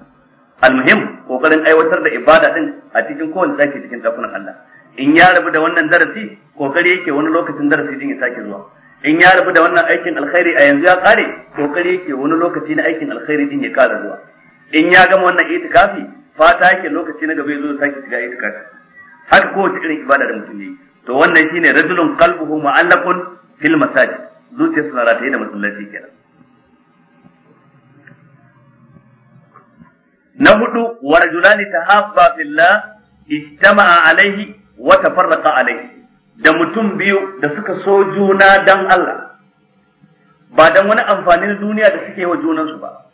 almuhim kokarin aiwatar da ibada din a cikin kowane sake cikin dakunan Allah in ya rabu da wannan darasi kokari yake wani lokacin darasi din ya sake zuwa in ya rabu da wannan aikin alkhairi a yanzu ya kare kokari yake wani lokaci na aikin alkhairi din ya kara zuwa in ya gama wannan itikafi fata yake lokaci na gaba ya zo sake shiga itikafi haka kowace irin ibada da mutum yi to wannan shine rajulun qalbuhu mu'allaqun fil masajid zuciyarsa na rataye da masallaci kenan na hudu wa rajulani tahabba fillah ijtama'a alaihi wa tafarraqa alaihi da mutum biyu da suka so juna dan Allah ba dan wani amfanin duniya da suke wa junansu ba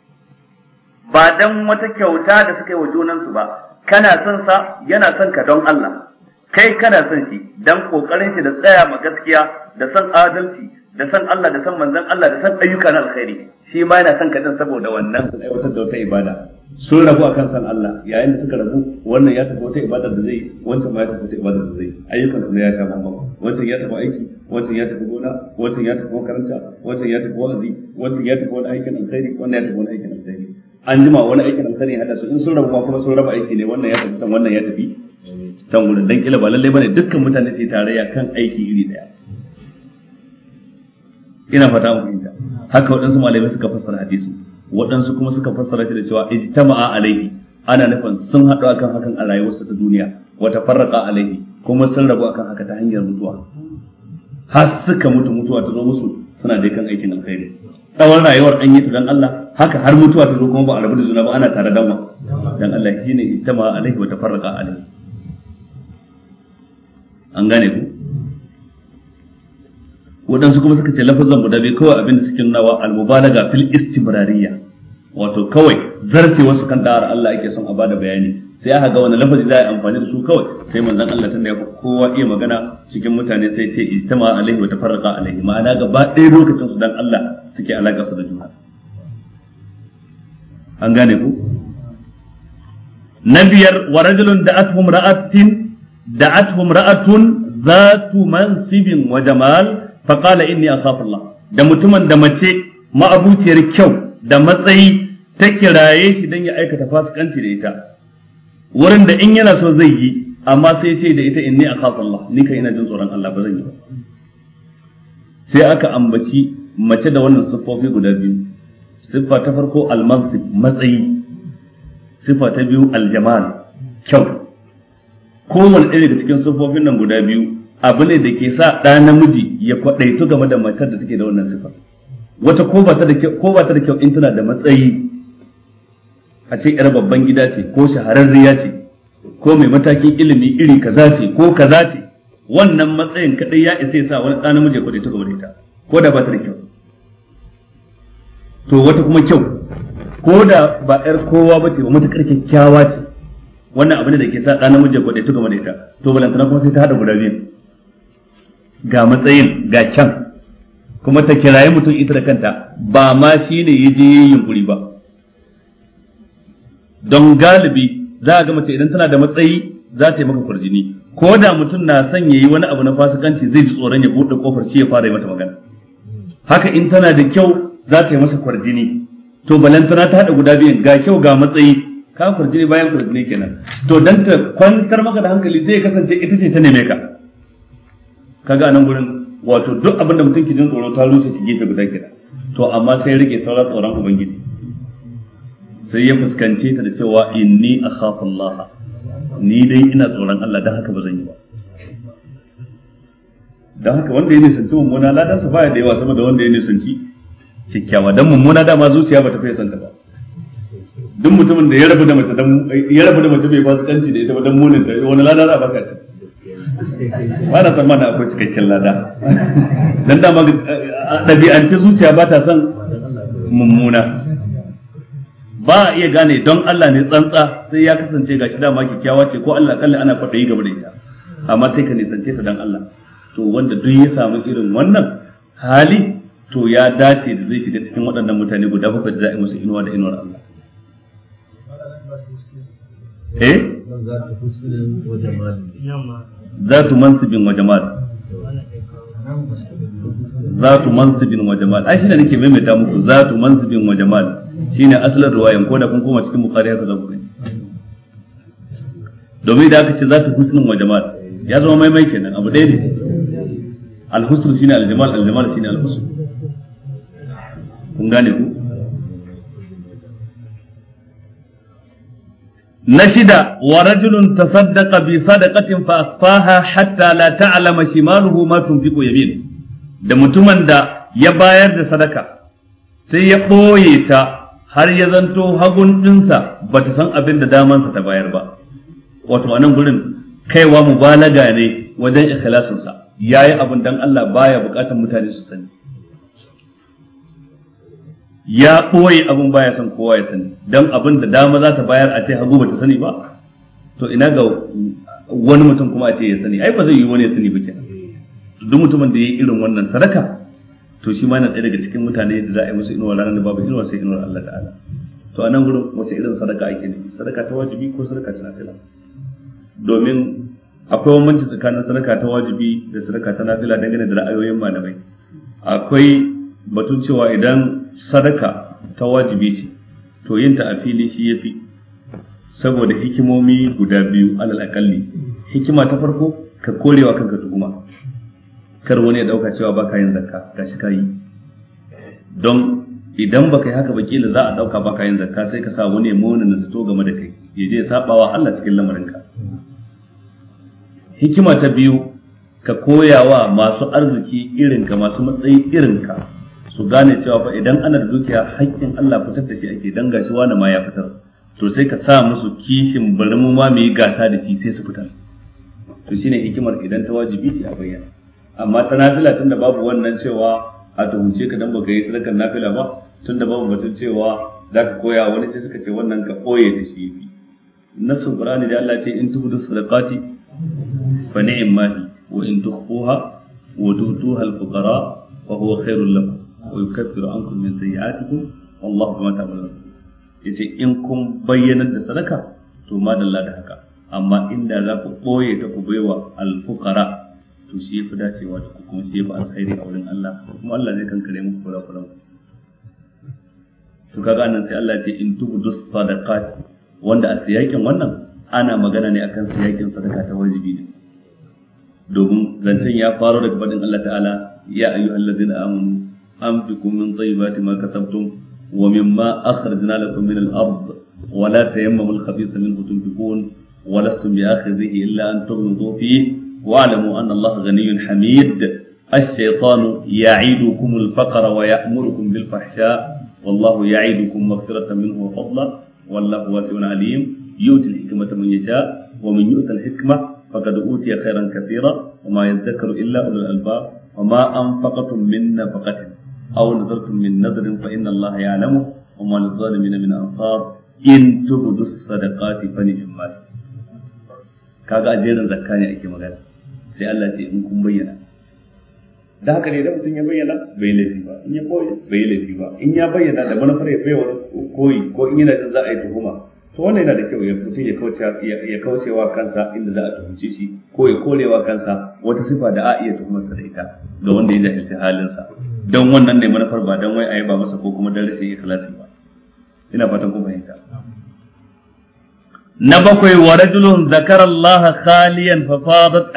ba dan wata kyauta da suke wa junansu ba kana son sa yana son ka don Allah kai kana son shi dan kokarin shi da tsaya ma gaskiya da son adalci da son Allah da son manzon Allah da son ayyukan alkhairi shi ma yana son ka dan saboda wannan aiwatar da wata ibada sun rabu kan san Allah yayin da suka rabu wannan ya tafi wata ibada da zai wancan ma ya tafi wata ibada da zai ayyukan su ne ya sha bambam wancan ya tafi aiki wancan ya tafi gona wancan ya tafi makaranta wancan ya tafi wa'azi wancan ya tafi wani aikin alkhairi wannan ya tafi wani aikin alkhairi an jima wani aikin alkhairi ya hada su in sun rabu ma kuma sun raba aiki ne wannan ya tafi can wannan ya tafi can wurin dan kila ba lallai bane dukkan mutane su yi tarayya kan aiki iri daya ina fata mu fahimta haka waɗansu malamai suka fassara hadisi waɗansu kuma suka fassara shi da cewa ijtama'a alaihi ana nufin sun haɗu akan hakan a rayuwarsa ta duniya wata farraka alaihi kuma sun rabu akan haka ta hanyar mutuwa har suka mutu mutuwa ta zo musu suna dai kan aikin alkhairi tsawon rayuwar an yi ta dan Allah haka har mutuwa ta zo kuma ba a rabu da juna ba ana tare da mu. dan Allah shine ijtama'a alaihi wa tafarraqa alaihi an gane ku waɗansu kuma suka ce lafazan guda biyu kawai abin da suke nawa al-mubalaga fil istibrariya wato kawai zarce su kan da'ar Allah ake son a bada bayani sai aka ga wani lafazi za a yi amfani da su kawai sai manzon Allah tunda ya kowa iya magana cikin mutane sai ce ijtama alaihi wa tafarraqa alaihi ma'ana gaba ɗaya lokacin su dan Allah suke alaƙa su da juna an gane ku na biyar wa rajulun da'atuhu ra'atin da'atuhu ra'atun zatu mansibin wa jamal fa qala inni akhafullah da mutumin da mace ma'abuciyar kyau da matsayi ta kiraye shi don ya aikata fasikanci da ita wurin da in yana so zai yi amma sai ce da ita in inni akhafullah ni kai ina jin tsoron Allah ba zan yi ba sai aka ambaci mace da wannan siffofi guda biyu siffa ta farko almansib matsayi siffa ta biyu aljamal kyau kowane ɗaya daga cikin siffofin nan guda biyu abu ne da ke sa ɗa namiji ya kwaɗaitu game da matar da take da wannan sifa wata ko ba ta da kyau da in tana da matsayi a ce yar babban gida ce ko shahararriya ce ko mai matakin ilimi iri kaza ce ko kaza ce wannan matsayin kadai ya isa ya sa wani ɗa namiji ya kwaɗaitu game da ita ko da ba ta da kyau to wata kuma kyau ko da ba yar kowa ba ce ba matuƙar kyakkyawa ce wannan abu ne da ke sa ɗa namiji ya kwaɗaitu game da ita to balantana kuma sai ta haɗa guda biyu ga matsayin ga can kuma ta kirayi mutum ita da kanta ba ma shi ne ya je yin yunkuri ba don galibi za a ga mace idan tana da matsayi za ta yi maka kwarjini ko da mutum na son ya yi wani abu na fasikanci zai ji tsoron ya buɗe kofar shi ya fara yi mata magana haka in tana da kyau za ta yi masa kwarjini to balantana ta haɗa guda biyan ga kyau ga matsayi ka kwarjini bayan kwarjini kenan to dan ta kwantar maka da hankali zai kasance ita ce ta neme ka kaga nan gurin wato duk abin da mutum ke jin tsoro ta rushe shi gefe guda kenan to amma sai rage saura tsoron ubangiji sai ya fuskance ta da cewa inni akhafu laha. ni dai ina tsoron Allah dan haka ba zan yi ba dan haka wanda ya nisanci mummuna ladan sa baya da yawa sama da wanda ya nisanci kikkiawa dan mummuna dama zuciya ba ta fiye son ta ba duk mutumin da ya rabu da mace dan ya rabu da mace bai da ita ba dan munin ta wani ladan za a baka ci ba na mana akwai cikakken lada don dama eh, ɗabi'ance zuciya ba ta son mummuna ba a iya gane don Allah ne tsantsa sai ya kasance gashi dama kyakkyawa ce ko Allah kalli ana yi gaba da ita amma sai ka nisance ta don Allah to wanda duk ya samu irin wannan hali to ya dace da zai shiga cikin waɗannan mutane guda bakwai da za a yi musu inuwa da inuwar Allah eh zatu mansibin wa jama'a, zatu mansibin wa jamal ai shine nake maimaita muku zatu mansibin wa jamal shine asalin ruwayan ko da kun koma cikin bukhari haka zaku gani domin da aka ce zatu husnin wa jama'a. ya zama mai-mai kenan abu ɗaya ne al-husn shine al-jamal al-jamal shine al-husn kun gane ku نشد ورجل تصدق بصدقة فأخفاها حتى لا تعلم شماله ما تنفق يمينه da mutumin da ya bayar da sadaka sai ya ɓoye ta har ya zanto hagun ɗinsa ba ta san abin da damansa ta bayar ba wato a nan gurin kaiwa mubalaga ne wajen ikhlasinsa ya yi abin dan Allah baya bukatan mutane su sani ya ɓoye abin baya son kowa ya sani don abin da dama za ta bayar a ce hagu ba ta sani ba to ina ga wani mutum kuma a ce ya sani ai ba zai yi wani ya sani ba kenan duk mutumin da ya yi irin wannan sadaka to shi ma yana ɗaya daga cikin mutane da za a yi musu inuwa ranar da babu inuwa sai inuwar Allah ta'ala to a nan gurin wace irin sadaka ake ne, sadaka ta wajibi ko sadaka ta nafila domin akwai bambanci tsakanin sadaka ta wajibi da sadaka ta nafila dangane da ra'ayoyin malamai akwai batun cewa idan sadaka ta wajibi ce to yin ta a fili shi yafi saboda hikimomi guda biyu alal akalli hikima ta farko ka korewa kanka tuhuma kar wani ya dauka cewa baka yin zakka shi ka yi don idan baka yi haka ba kila za a dauka baka yin zakka sai ka sa wani ya mona na zato game da kai ya je sabawa Allah cikin lamarinka hikima ta biyu ka koya wa masu arziki irinka masu matsayi irinka su gane cewa fa idan ana da dukiya haƙƙin Allah fitar da shi ake dan gashi wani ma ya fitar to sai ka sa musu kishin bari mu ma mu yi gasa da shi sai su fitar to shine hikimar idan ta wajibi ce a bayyana amma ta nafila da babu wannan cewa a tuhunce ka dan baka yi sadakar nafila ba tunda babu batun cewa zaka koya wani sai suka ce wannan ka koye da shi fi nasu qur'ani da Allah ce in tubdu sadaqati fa ni'mati wa in tukhfuha wa tutuha al-fuqara fa huwa khairul lakum wa yukaffiru ankum min sayyi'atikum wallahu bima ta'malun yace in kun bayyanar da sadaka to madalla da haka amma inda za ku boye ta ku baiwa al to shi yafi dacewa da ku kuma shi yafi alkhairi a wurin Allah kuma Allah zai kankare muku kula kula to kaga annan sai Allah ce in tubdu sadaqati wanda a siyakin wannan ana magana ne akan siyakin sadaka ta wajibi ne domin zancen ya faro daga faɗin Allah ta'ala ya ayyuhallazina amanu أنفقوا من طيبات ما كسبتم ومما أخرجنا لكم من الأرض ولا تيمموا الخبيث منه تنفقون ولستم بآخذه إلا أن تغمضوا فيه واعلموا أن الله غني حميد الشيطان يعيدكم الفقر ويأمركم بالفحشاء والله يعيدكم مغفرة منه وفضلا والله واسع عليم يؤتي الحكمة من يشاء ومن يؤتى الحكمة فقد أوتي خيرا كثيرا وما يذكر إلا أولو الألباب وما أنفقتم من نفقة أو nadartum min نذر fa inna Allah وما للظالمين من أنصار إن min الصدقات in tubdu sadaqati fa ni'mal kaga ajerin zakka ne ake magana sai Allah ce in kun bayyana da haka ne da mutum ya bayyana bai laifi ba in ya koyi bai laifi ba in ya bayyana da manufar ya baiwa koyi ko in yana jin za a yi tuhuma to wannan yana da kyau ya mutum ya kauce ya kaucewa kansa inda za a tuhunci shi ko ya korewa kansa wata sifa da a iya tuhumarsa da ita ga wanda ya jahilci halinsa don wannan ne manufar ba don wai a yaba masa ko kuma don rashin ikhlasi ba ina fatan ku fahimta na bakwai wa rajulun zakara Allah khaliyan fa fadat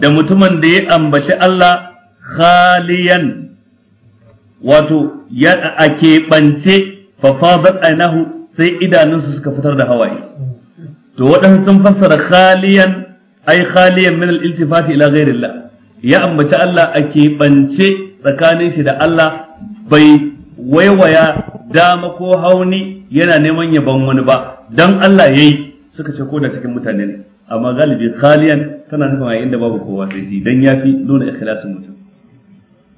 da mutumin da ya ambaci Allah khaliyan wato ya a keɓance fa fadat sai idanunsu suka fitar da hawaye to waɗansu sun fassara khaliyan ai khaliyan min al-iltifati ila ghairillah ya ambaci Allah a keɓance tsakanin shi da Allah bai waiwaya dama ko hauni yana neman yaban wani ba dan Allah yayi suka ce ko da cikin mutane ne amma galibi khaliyan tana nufin a inda babu kowa sai shi dan yafi nuna ikhlasin mutum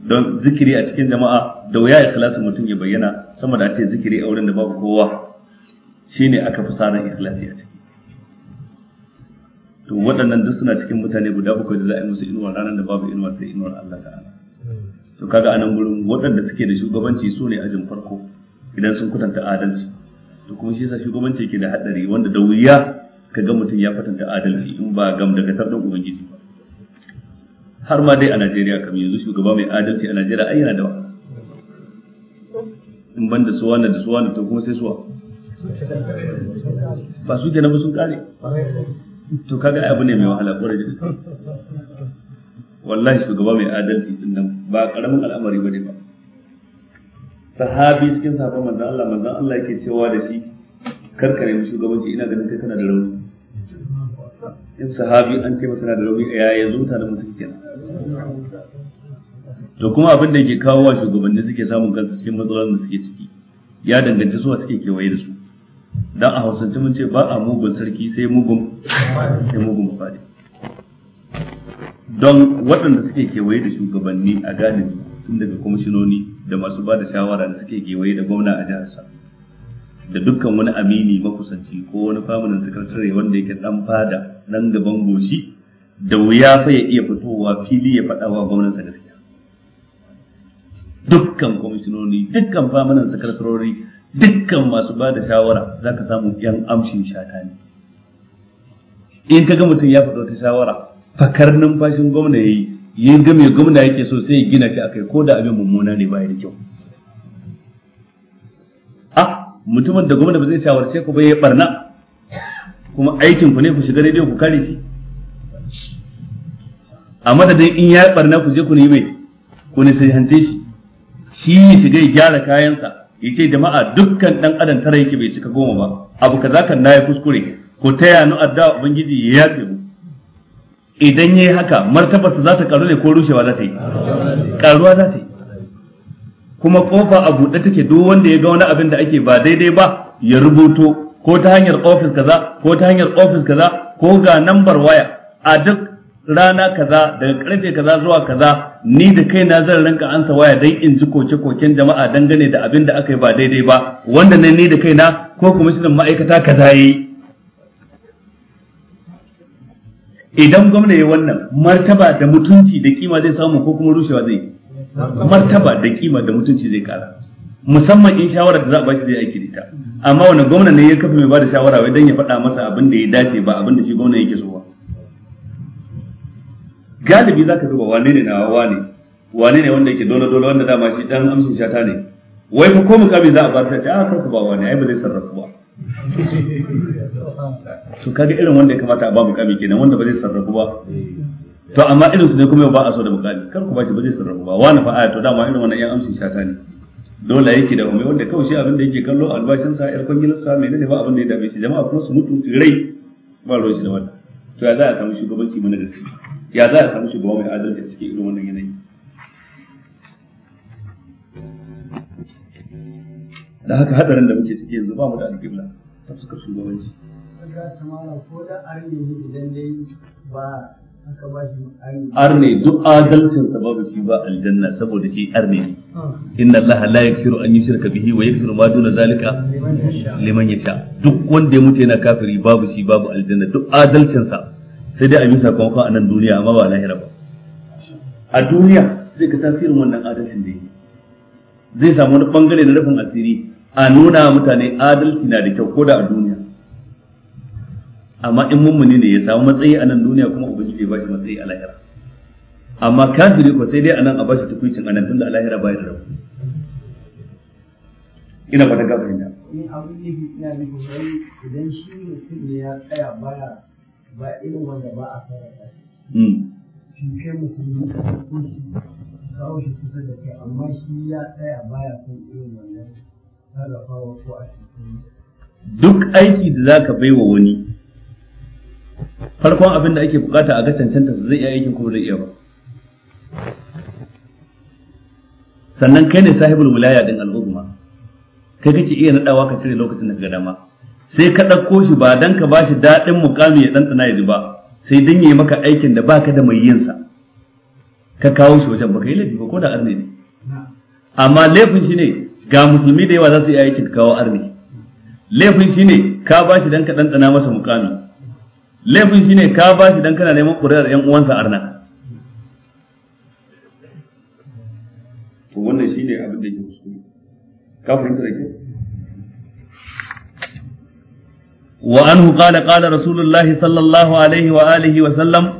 don zikiri a cikin jama'a da wuya ikhlasin mutum ya bayyana sama da a ce zikiri a wurin da babu kowa shine aka fi sanar ikhlasi a ciki to waɗannan duk suna cikin mutane guda bakwai da za a yi musu inuwa ranar da babu inuwa sai inuwar Allah ta'ala to kaga nan gurin waɗanda suke da shugabanci su ne ajin farko idan sun kwatanta adalci to kuma shi yasa shugabanci ke da hadari wanda da wuya ka ga mutum ya kwatanta adalci in ba gam daga tarɗin ubangiji ba har ma dai a Najeriya kam yanzu shugaba mai adalci a Najeriya ai yana da wa in ban da na da na to kuma sai suwa ba su ke na sun kare to kaga abu ne mai wahala kwarai da gaske wallahi shugaba mai adalci din nan ba karamin al'amari ba ne ba sahabi cikin sahabban manzon Allah manzon Allah yake cewa da shi karkare mu shugabanci ina ganin kai kana da rauni in sahabi an ce masa da rauni ya yanzu mutanen da musu kenan to kuma abin da ke kawo wa shugabanni suke samun kansu cikin matsalolin da suke ciki ya danganci suwa suke kewaye da su dan a hausance mun ce ba a mugun sarki sai mugun sai mugun fadi don waɗanda suke kewaye da shugabanni a gadin tun daga kwamishinoni da masu ba da shawara da suke kewaye da gwamna a jiharsa da dukkan wani amini makusanci ko wani famunan sakatare wanda yake dan fada nan gaban goshi da wuya fa ya iya fitowa fili ya faɗa wa gwamnansa gaskiya dukkan kwamishinoni dukkan famunan sakatarori dukkan masu ba da shawara za ka samu yan amshin shata ne in ka ga mutum ya faɗo ta shawara fakar numfashin gwamna ya yi ya game gwamna yake so sai ya gina shi a kai, ko da abin mummuna ne baya da kyau a ah, mutumin da gwamna ba zai shawarce ku ba ya barna kuma aikin ku ne ku shiga rediyo ku kare shi a madadin in ya barna ku je ku ne mai ku ne sai hanje shi shi ya shiga ya gyara kayansa yace jama'a dukkan dan adam tara yake bai cika goma ba abu kaza kan nayi kuskure ko taya nu adda ubangiji ya yafe mu idan yayi haka martabarsa za ta karu ne ko rushewa za ta yi karuwa za ta yi kuma kofa a buɗe take duk wanda ya ga wani abin da ake ba daidai ba ya rubuto ko ta hanyar ofis kaza ko ta hanyar ofis kaza ko ga nambar waya a duk rana kaza daga karfe kaza zuwa kaza ni da kaina zan ranka ansa waya dai in ji koke koken jama'a dangane da abin da aka yi ba daidai ba wanda ne ni da kaina ko kwamishinan ma'aikata kaza yi idan gwamna ya wannan martaba da mutunci da kima zai samu ko kuma rushewa zai martaba da kima da mutunci zai kara musamman in shawara da za a bashi zai aiki da ita amma wani gwamna ne ya kafa mai ba da shawara wai dan ya faɗa masa abin da ya dace ba abin da shi gwamna yake so ba galibi zaka duba wane ne na wane wane ne wanda yake dole dole wanda dama shi dan amshin shata ne wai mu ko mukami za a ba ta ce a ah, kar ku ba wane ai ba zai sarrafu ba to kaga irin wanda ya kamata a ba mukami kenan wanda ba zai sarrafu ba to amma irin su ne kuma ba a so da mukami kar ku ba shi ba zai sarrafu ba wani fa a to dama irin wannan yan amshin shata ne dole yake da umai wanda kawai shi abin da yake kallo albashin sa yar kwangilin sa menene ba abin da ya dabe shi jama'a kuma su mutu su rai ba ruwan shi da wannan to ya za a samu shugabanci mana shi ya za a samu shugaba mai adalci a cikin irin wannan yanayi da haka hadarin da muke ciki yanzu ba mu da alƙibla ta suka shugabanci arne duk adalcin sa babu shi ba aljanna saboda shi arne ne inna allaha la yakfiru an yushraka bihi wa yakfiru ma duna zalika liman yasha duk wanda ya mutu yana kafiri babu shi babu aljanna duk adalcin sa sai dai a yi sakamakon a nan duniya amma ba lahira ba a duniya zai ka tasirin wannan adalcin da yi zai samu wani bangare na rufin asiri a nuna mutane adalci na da kyau ko da a duniya amma in mummuni ne ya samu matsayi a nan duniya kuma ubangiji ya bashi matsayi a lahira amma kafiri ko sai dai a nan a bashi tukuncin a nan tunda a lahira bai da rabu ina fata ka fahimta idan shi mutum ne ya tsaya baya ba irin wanda ba a karanta shi. Hmm. Shi kai musulmi ka ɗauko shi kawo shi kusa da kai amma shi ya tsaya baya son irin wannan sarrafawa ko a cikin duk aiki da za ka baiwa wani farkon abin da ake bukata a ga cancanta zai iya aikin kuma zai iya ba sannan kai ne sahibul wilaya din al'umma kai kake iya nadawa ka cire lokacin da ka ga dama sai ka ɗauko shi ba don ka bashi daɗin mukamin ya ɗanɗana ya ji ba sai don yi maka aikin da baka da mai yin sa ka kawo shi wajen baka yi laifi ba ko da arne ne amma laifin shi ne ga musulmi da yawa za su yi aikin ka kawo arne laifin shi ne ka bashi don ka ɗanɗana masa mukami laifin shi ne ka bashi don kana neman ƙuri'ar ƴan uwansa arna wannan shi ne abin da ke musulmi ka fahimta da kyau وأنه قال قال رسول الله صلى الله عليه وآله وسلم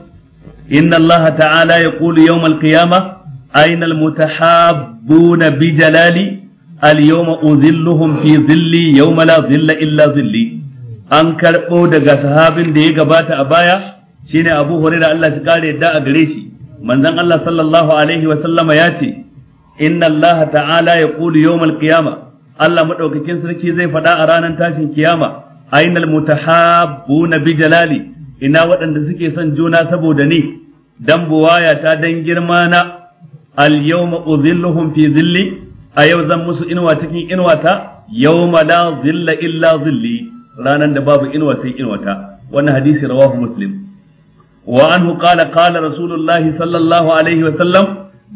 إن الله تعالى يقول يوم القيامة أين المتحابون بجلالي اليوم أذلهم في ظلي يوم لا ظل إلا ظلي an karɓo daga sahabin da ya gabata a baya shine Abu Hurairah Allah shi kare yadda a gare shi manzon Allah sallallahu alaihi wa sallama ya ce inna Allah ta'ala yaqulu yawmal Allah madaukakin sarki zai faɗa a ranar tashin kiyama ainal mutahabbuna bi jalali ina waɗanda suke son juna saboda ni dan buwaya ta dan girma na al yawma udhilluhum fi zilli a yau zan musu inuwa cikin inuwata yawma la zilla illa zilli ranan da babu inuwa sai inuwata Wani hadisi rawahu muslim wa anhu qala qala rasulullahi sallallahu alaihi wa sallam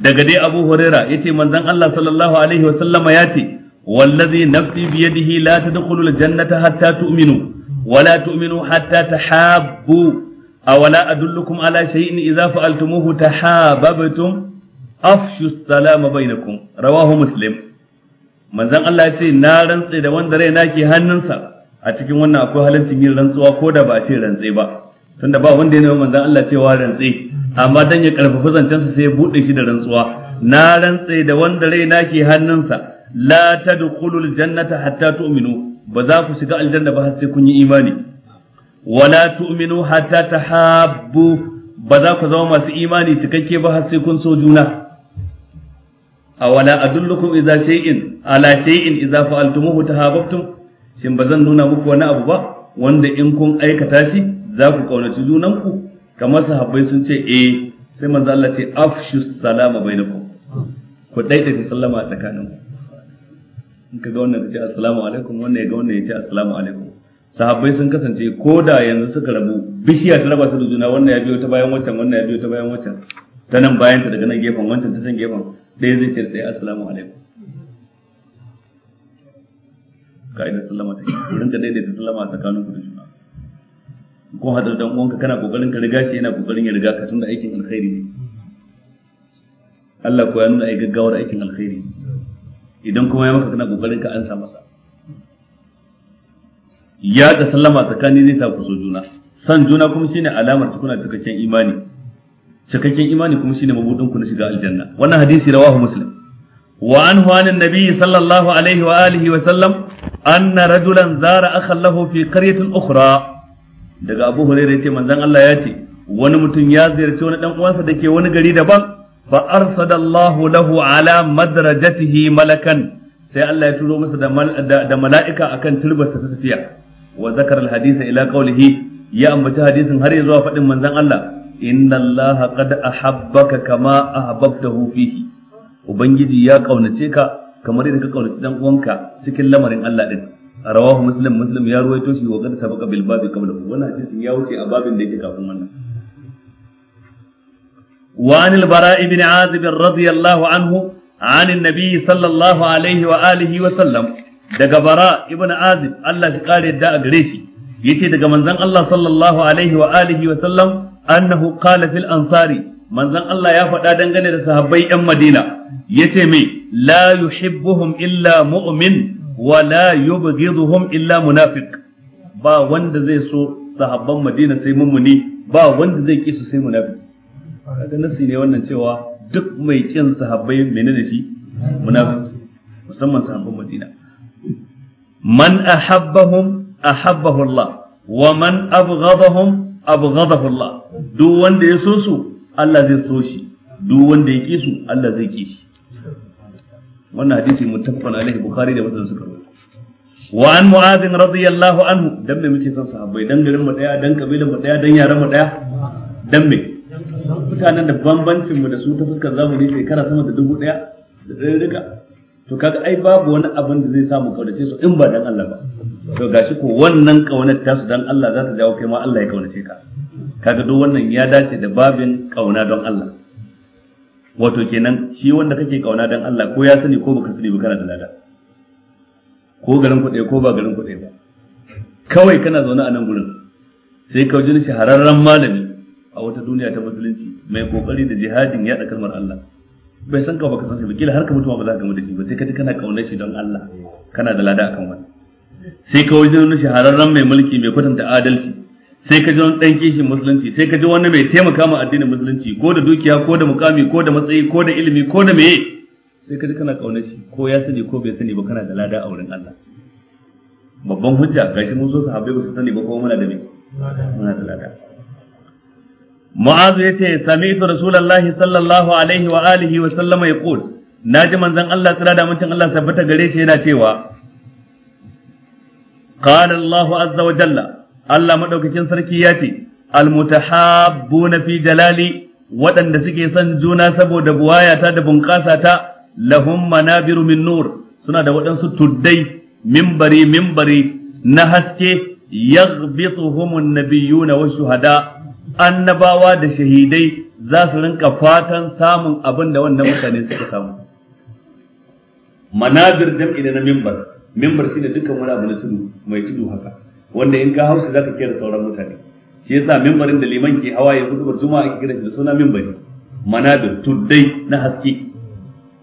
daga dai abu huraira yace manzon Allah sallallahu alaihi wa sallama yace wallazi nafsi biyadihi la tadkhulul jannata hatta tu'minu wala tu'minu hatta tahabbu awala adullukum ala shay'in idza fa'altumuhu tahabbtum afshu salama bainakum rawahu muslim manzon Allah ya ce na rantse da wanda raina ke hannunsa a cikin wannan akwai halincin yin rantsuwa ko da ba a ce rantse ba tunda ba wanda ya yana manzon Allah cewa rantse amma dan ya karfafa zancensa sai ya buɗe shi da rantsuwa na rantse da wanda raina ke hannunsa la tadkhulul jannata hatta tu'minu ba za ku shiga aljanna ba har sai kun yi imani wala tu'minu hatta tahabbu ba za ku zama masu imani cikakke ba har sai kun so juna awala adullukum idza shay'in ala shay'in idza fa'altumuhu tahabbtum shin bazan nuna muku wani abu ba wanda in kun aikata shi za ku kaunaci junanku kamar sahabbai sun ce eh sai manzo Allah ce afshu salama bainakum ku daidaita sallama tsakaninku in ka ga wannan ta ce assalamu alaikum wannan ya ga wannan ya ce assalamu alaikum sahabbai sun kasance ko da yanzu suka rabu bishiya ta raba su da juna wannan ya biyo ta bayan wancan wannan ya biyo ta bayan wancan ta nan bayan ta daga nan gefen wancan ta san gefen ɗaya zai ce ɗaya assalamu alaikum Ka'ida sallama ta yi rinka ɗaya daidaita sallama a tsakanin ku da juna ko hadar dan uwanka kana kokarin ka riga shi yana kokarin ya riga ka tunda aikin alkhairi ne Allah ko ya nuna ai gaggawar aikin alkhairi ne idan kuma ya maka kana kokarin ka ansa masa ya da sallama tsakani zai sa ku so juna san juna kuma shine alamar ku kuna cikakken imani cikakken imani kuma shine mabudin ku na shiga aljanna wannan hadisi rawahu muslim wa anhu anan nabiyyi sallallahu alaihi wa alihi wa sallam anna rajulan zara akhan lahu fi qaryatin ukhra daga abu hurairah yace manzon Allah ya ce wani mutum ya ziyarci wani dan uwansa dake wani gari daban Ba'ar arsadallahu lahu ala madrajatihi malakan sai Allah ya turo masa da mala'ika akan turbarsa ta tafiya wa zakar alhadisa ila qawlihi ya ambaci hadisin har zuwa faɗin manzon Allah inna Allah qad ahabbaka kama ahbabtahu fihi ubangiji ya kaunace ka kamar yadda ka kaunaci dan uwanka cikin lamarin Allah din rawahu muslim muslim ya ruwaito shi wa qad sabaqa bil babi qablahu wannan ya wuce a babin da yake kafin wannan وعن البراء بن عازب رضي الله عنه عن النبي صلى الله عليه وآله وسلم daga bara ibn azib Allah shi kare da a gare shi yace daga manzon Allah sallallahu alaihi wa sallam annahu qala fil ansari manzon Allah ya faɗa dangane da sahabbai yan Madina yace me la yuhibbuhum illa mu'min wa la yubghiduhum illa munafiq ba wanda zai so sahabban Madina sai ba wanda zai kaga nasi ne wannan cewa duk mai kin sahabbai menene shi munafiki musamman sahabban Madina man ahabbahum ahabbahu Allah wa man abghadahum abghadahu Allah duk wanda ya so su Allah zai so shi duk wanda ya ki su Allah zai ki shi wannan hadisi muttafaqun alaihi bukhari da muslim suka rawaito wa an mu'adh radiyallahu anhu dan me muke son sahabbai dan garin mu daya dan kabilan mu daya dan yaran mu daya dan me mutanen da bambancin mu da su ta fuskar zamani shekara sama da dubu daya da ɗaya duka, to kaga ai babu wani abin da zai samu kaunace su in ba dan Allah ba to gashi ko wannan kaunar ta su dan Allah za ta jawo kai ma Allah ya kaunace ka kaga duk wannan ya dace da babin kauna don Allah wato kenan shi wanda kake kauna don Allah ko ya sani ko baka sani ba kana da lada ko garin kuɗe ko ba garin kuɗe ba kawai kana zaune a nan gurin sai ka shi shahararren malami a wata duniya ta musulunci mai kokari da jihadin ya da kalmar Allah bai san ka baka san shi ba kila har ka mutuwa ba za ka gamu da shi ba sai ka ji kana kaunar shi don Allah kana da lada akan wani sai ka wajen wani shahararren mai mulki mai kwatanta adalci sai ka ji wani dan kishin musulunci sai ka ji wani mai taimaka ma addinin musulunci ko da dukiya ko da mukami ko da matsayi ko da ilimi ko da meye sai ka ji kana kaunar shi ko ya sani ko bai sani ba kana da lada a wurin Allah babban hujja gashi mun so sahabbai ba su sani ba ko muna da me muna da lada mu'azu yace sami'tu rasulullahi sallallahu alaihi wa alihi wa sallama yaqul naji manzon Allah tsira da mutun Allah tabbata gare shi yana cewa qala Allah azza wa jalla Allah madaukakin sarki ya ce almutahabbuna fi jalali waɗanda suke son juna saboda buwayata da bunƙasata, ta lahum manabiru nur suna da waɗansu tuddai mimbari mimbari na haske yaghbituhumun nabiyuna wa shuhada' annabawa da shahidai za su rinka fatan samun abin da wannan mutane suka samu Manazir jam'i na mimbar mimbar shine dukkan wani abu na tudu mai tudu haka wanda in ka hausa ka kira sauran mutane shi yasa mimbarin da liman ke hawa ya zubar juma'a ake kira shi da suna mimbari Manazir tuddai na haske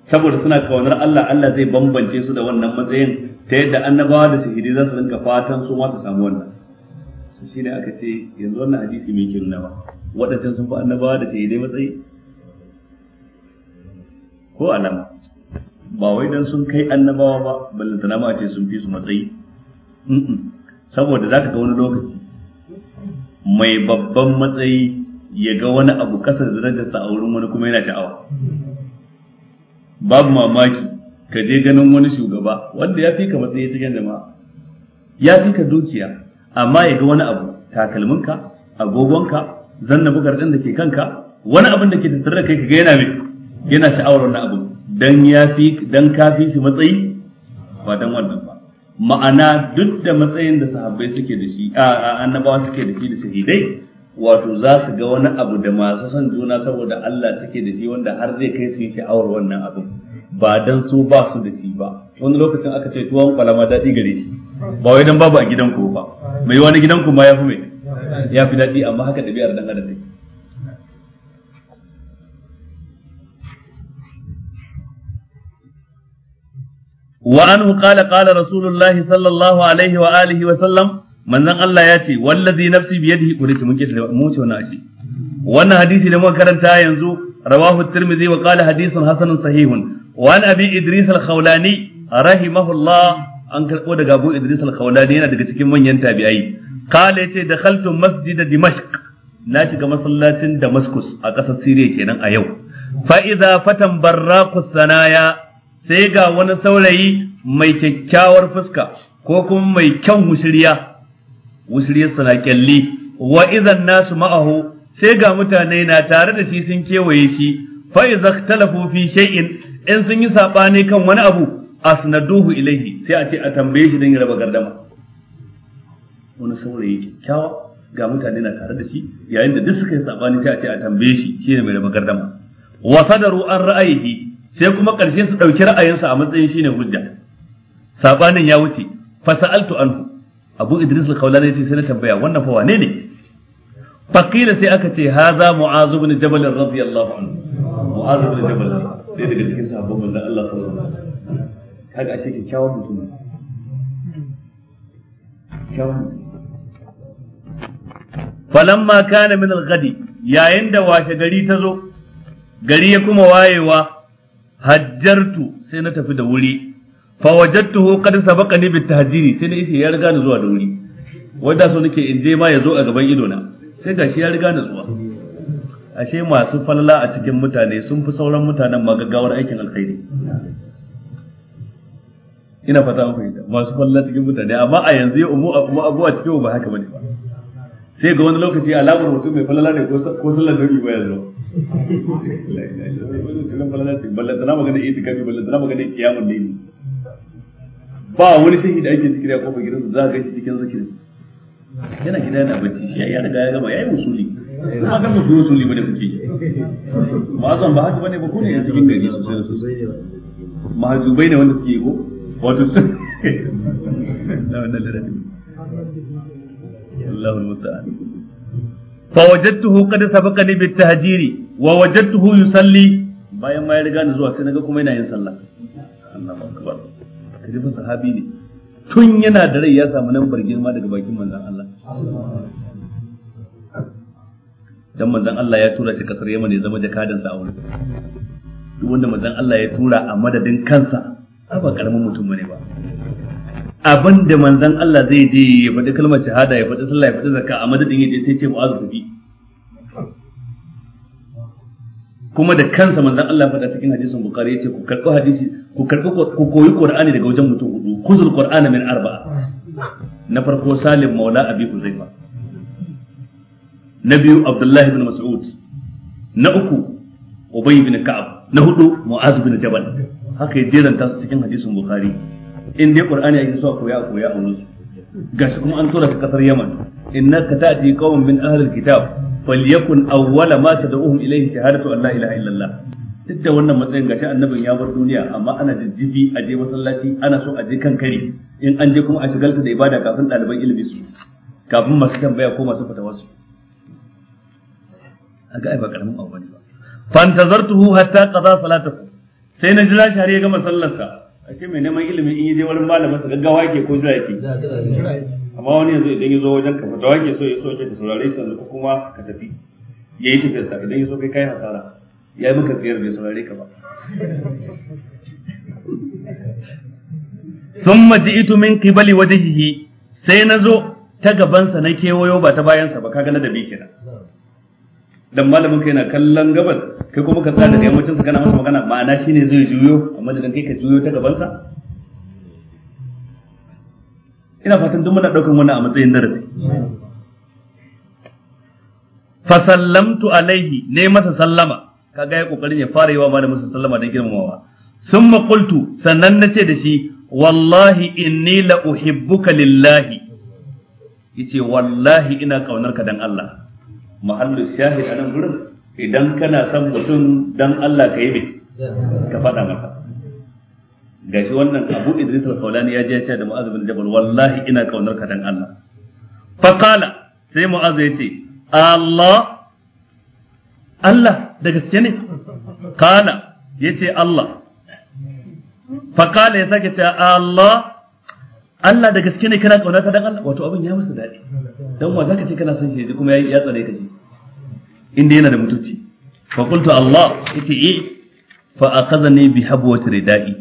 saboda suna kaunar Allah Allah zai bambance su da wannan matsayin ta yadda annabawa da shahidai za su rinka fatan su ma su samu wannan to ne aka ce yanzu wannan hadisi mai kirna ba waɗancan sun fi annabawa da dai matsayi ko alama ba wai dan sun kai annabawa ba ballantana ma a ce sun fi su matsayi saboda za ka ga wani lokaci mai babban matsayi ya ga wani abu kasar darajarsa a wurin wani kuma yana sha'awa babu mamaki ka je ganin wani shugaba wanda ya fi ka matsayi cikin jama'a ya fi ka dukiya amma ya ga wani abu takalminka agogonka zannabukar din da ke kanka wani abin da ke tattare da kai kaga yana mai yana sha'awar wannan abu dan ya fi dan ka fi shi matsayi ba dan wannan ba ma'ana duk da matsayin da sahabbai suke da shi a annabawa suke da shi da shahidai wato za su ga wani abu da masu son juna saboda Allah take da shi wanda har zai kai su yi sha'awar wannan abu, ba dan su ba su da shi ba wani lokacin aka ce tuwon kwalama daɗi gare shi ba wai dan babu a gidanku ba mai wani gidanku ma ya fi mai ya fi daɗi amma haka ɗabi'ar dan adam take wa an qala qala rasulullah sallallahu alaihi wa alihi wa sallam manzon Allah ya ce wallazi nafsi bi yadihi quriti mun ke mu ce wannan ashi wannan hadisi da muka karanta yanzu rawahu tirmidhi wa hadisin hadithun sahihun Wa'an an abi idris al-khawlani an karɓo daga Abu Idris al-Khawlani yana daga cikin manyan tabi'ai Khale yace da khaltu masjid Dimashq na shiga masallacin Damascus a ƙasar Syria kenan a yau fa iza fatan barraqu sanaya sai ga wani saurayi mai kyakkyawar fuska ko kuma mai kyan musuriya wushiriyar sana wa idan nasu ma'ahu sai ga mutane na tare da shi sun kewaye shi fa iza ikhtalafu fi shay'in in sun yi sabani kan wani abu asnaduhu ilaihi sai a ce a tambaye shi don ya raba gardama wani saurayi kyakkyawa ga mutane na tare da shi yayin da duk suka yi sabani sai a ce a tambaye shi shi ne mai raba gardama wa sadaru an ra'ayihi sai kuma karshe su dauki ra'ayinsa a matsayin shi ne hujja sabanin ya wuce fa sa'altu anhu abu idris al-kaulani ce sai na tambaya wannan fa wane ne faqila sai aka ce haza mu'az ibn jabal radiyallahu anhu mu'az ibn jabal sai daga cikin sahabban manzon Allah sallallahu alaihi wasallam kaga ashe kyakkyawan mutum ne falamma kana min al yayin da washe gari ta zo gari ya kuma wayewa hajjartu sai na tafi da wuri fa wajadtuhu qad sabaqani bit tahjiri sai na ishe ya riga ni zuwa da wuri wanda so nake in je ma ya zo a gaban ido na sai gashi ya riga ni zuwa ashe masu falala a cikin mutane sun fi sauran mutanen magagawar aikin alkhairi ina fata an fahimta masu falla cikin mutane amma a yanzu ya umu kuma abuwa cikin ba haka bane ba sai ga wani lokaci alamar mutum mai falala ne ko sallar da ba yanzu ba wani shehi da ake zikiri a kofar za ka cikin zikirin yana gida yana bacci ya riga ya gama ya yi musuli kuma kan musuli ba da kuke ba ba haka bane ne cikin gari sosai da sosai mahajubai ne wanda suke yi ko wato sun na wannan larabi Allahu musta'an fa wajadtuhu qad sabaqani bit tahjiri wa wajadtuhu yusalli bayan ma ya riga ni zuwa sai naga kuma yana yin sallah Allahu akbar kaje fa sahabi ne tun yana da rai ya samu nan bargin girma daga bakin manzon Allah dan manzon Allah ya tura shi kasar Yaman ya zama jakadansa a wurin duk wanda manzon Allah ya tura a madadin kansa har ba karamin mutum bane ba abin da manzon Allah zai je ya faɗi kalmar shahada ya faɗi sallah ya faɗi zakka a madadin yaje sai ce wa'azu tafi kuma da kansa manzon Allah faɗa cikin hadisin bukhari yace ku karɓi hadisi ku karɓi ku koyi qur'ani daga wajen mutum hudu kuzul qur'ana min arba'a na farko salim maula abi huzaifa na biyu abdullahi ibn mas'ud na uku ubay ibn ka'ab na hudu mu'az ibn jabal haka ya jeranta su cikin hadisin bukhari in dai qur'ani ake so a koya a koya a wurin gashi kuma an tura ka kasar yaman innaka ta'ti qauman min ahli kitab falyakun awwala ma tad'uhum ilayhi shahadatu an la ilaha illallah duk da wannan matsayin gashi annabin ya bar duniya amma ana jijjibi a je masallaci ana so a je kan kari in an je kuma a shigalta da ibada kafin ɗaliban ilimi su kafin masu tambaya ko masu fatawa su aga ai ba karamin abu ba fantazartuhu hatta qada salatahu sai na jira shi har ya gama sallarsa a ce mai neman ilimi in je wani malamin su gaggawa ke ko jira ke amma wani yanzu idan ya zo wajen ka ta wake so ya so ke da saurare shi yanzu ko kuma ka tafi ya yi tafiyarsa, sa idan ya so kai kai hasara ya yi muka fiyar bai saurare ka ba (laughs) thumma ji'tu min qibali wajhihi sai na zo ta gabansa na kewayo ba ta bayansa ba kaga ladabi kenan dan malamin ka yana kallon gabas kai kuma ka tsada da yammacin sa kana masa magana ma'ana shine zai juyo amma da kai ka juyo ta gaban sa ina fatan duk muna daukan wannan a matsayin darasi fa sallamtu alaihi ne masa sallama kaga ya kokarin ya fara yawa malamin sa sallama dan girmamawa summa qultu sannan nace da shi wallahi inni la uhibbuka lillahi yace wallahi ina kaunar ka dan Allah mahallu shahid a nan gurin idan kana son mutum dan Allah ka yi mai ka faɗa masa gashi wannan Abu Idris al kaulani ya je ya ce da Mu'az bin Jabal wallahi ina kaunar ka dan Allah fa qala sai Mu'az ya ce Allah Allah da gaske ne qala yace Allah fa qala ya sake ta Allah Allah da gaske ne kana kauna dan Allah wato abin ya masa dadi dan wa zaka ce kana son shi kuma ya tsare ka ji inda yana da mutunci fa qultu Allah yace eh fa akhadhani bi wata ridai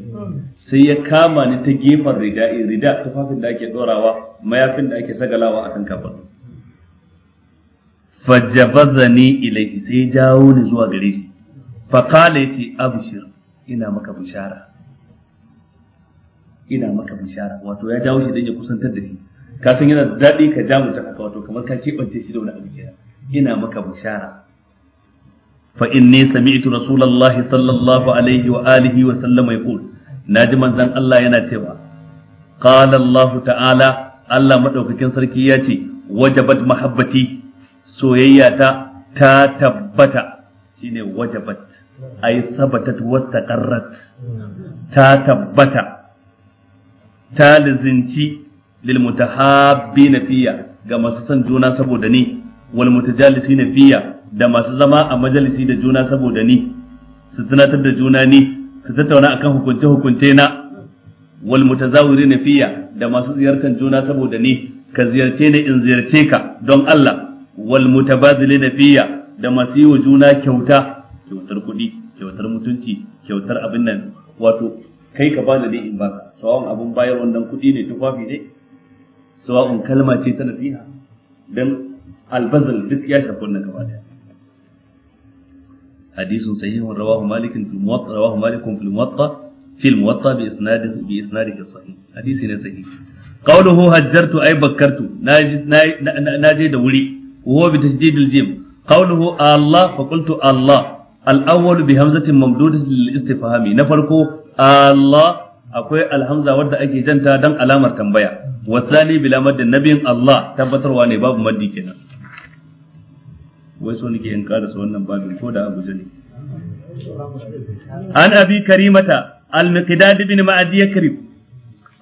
sai ya kama ni ta gefen ridai rida tufafin da ake dorawa mayafin da ake sagalawa akan kafa fa jabazani ilayhi sai jawo ni zuwa gare shi fa qala yace abshir ina maka bishara ina maka bishara wato ya dawo shi dan ya kusantar da shi ka san yana daɗi ka ja mutum haka wato kamar ka keɓance shi da wani abu kenan ina maka bishara fa inni sami'tu rasulullahi sallallahu alaihi wa alihi wa sallam yaqul naji manzon Allah yana cewa qala Allah ta'ala Allah madaukakin sarki ya ce wajabat mahabbati soyayyata ta tabbata shine wajabat ay sabatat wastaqarrat ta tabbata ta lizinci lil mutahabbina fiya ga masu son juna saboda ni wal na fiya da masu zama a majalisi da juna saboda ni su tunatar da juna ni su tattauna akan hukunce hukunce na wal na fiya da masu ziyartar juna saboda ni ka ziyarce ni in ziyarce ka don Allah wal na fiya da masu yi wa juna kyauta kyautar kuɗi kyautar mutunci kyautar abin nan wato kai ka bani dai in baka sawan abun bayar wannan kuɗi ne tufafi ne sawa'un kalma ce ta nasiha dan albazal duk ya shafi wannan gaba daya hadisin sahihun rawahu malik fil muwatta rawahu malik fil muwatta fil muwatta bi isnad bi isnad sahih hadisi ne sahih qawluhu hajjartu ay bakkartu naje da wuri Allah! وهو بتشديد الجيم قوله الله فقلت الله الأول بهمزة ممدودة na farko. Allah akwai alhamza wadda ake janta don alamar tambaya wasani bila maddin nabin Allah tabbatarwa ne babu maddi kenan wai so nake in karasa wannan babin ko da Abuja ne an abi karimata al-miqdad ibn ma'adi karim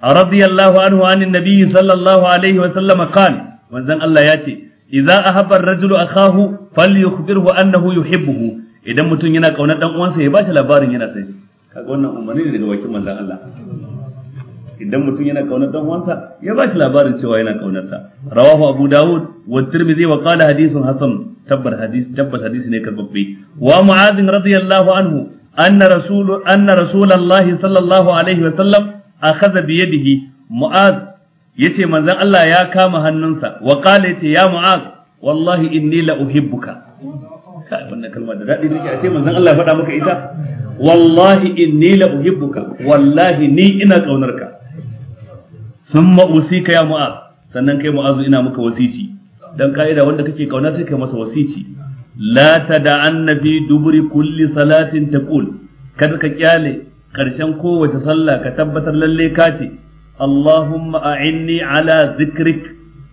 radiyallahu anhu an annabi sallallahu alaihi wa sallam qala wanzan Allah ya yace idza ahabba ar-rajulu akahu falyukhbirhu annahu yuhibbuhu idan mutum yana kaunar dan uwansa ya bashi labarin yana son kaga wannan umarni ne daga bakin manzan Allah idan mutum yana kaunar dan uwansa ya ba shi labarin cewa yana sa. rawahu abu dawud wa tirmidhi wa qala hadithun hasan tabbar hadith tabbas hadisi ne karbabbi wa mu'adh radiyallahu anhu anna rasul anna rasulullah sallallahu alaihi wa sallam akhadha bi yadihi mu'adh yace manzon Allah ya kama hannunsa wa qala yace ya mu'adh wallahi inni la uhibbuka kai wannan kalma da dadi nake a ce manzon Allah ya faɗa maka ita wallahi inni la uhibbuka wallahi ni ina kaunarka thumma usika ya sannan kai mu'azu ina maka wasici dan kaida wanda kake kauna sai kai masa wasici la tada'anna fi duburi kulli salatin taqul kada ka kyale karshen kowace sallah ka tabbatar lalle ka ce Allahumma a'inni ala zikrik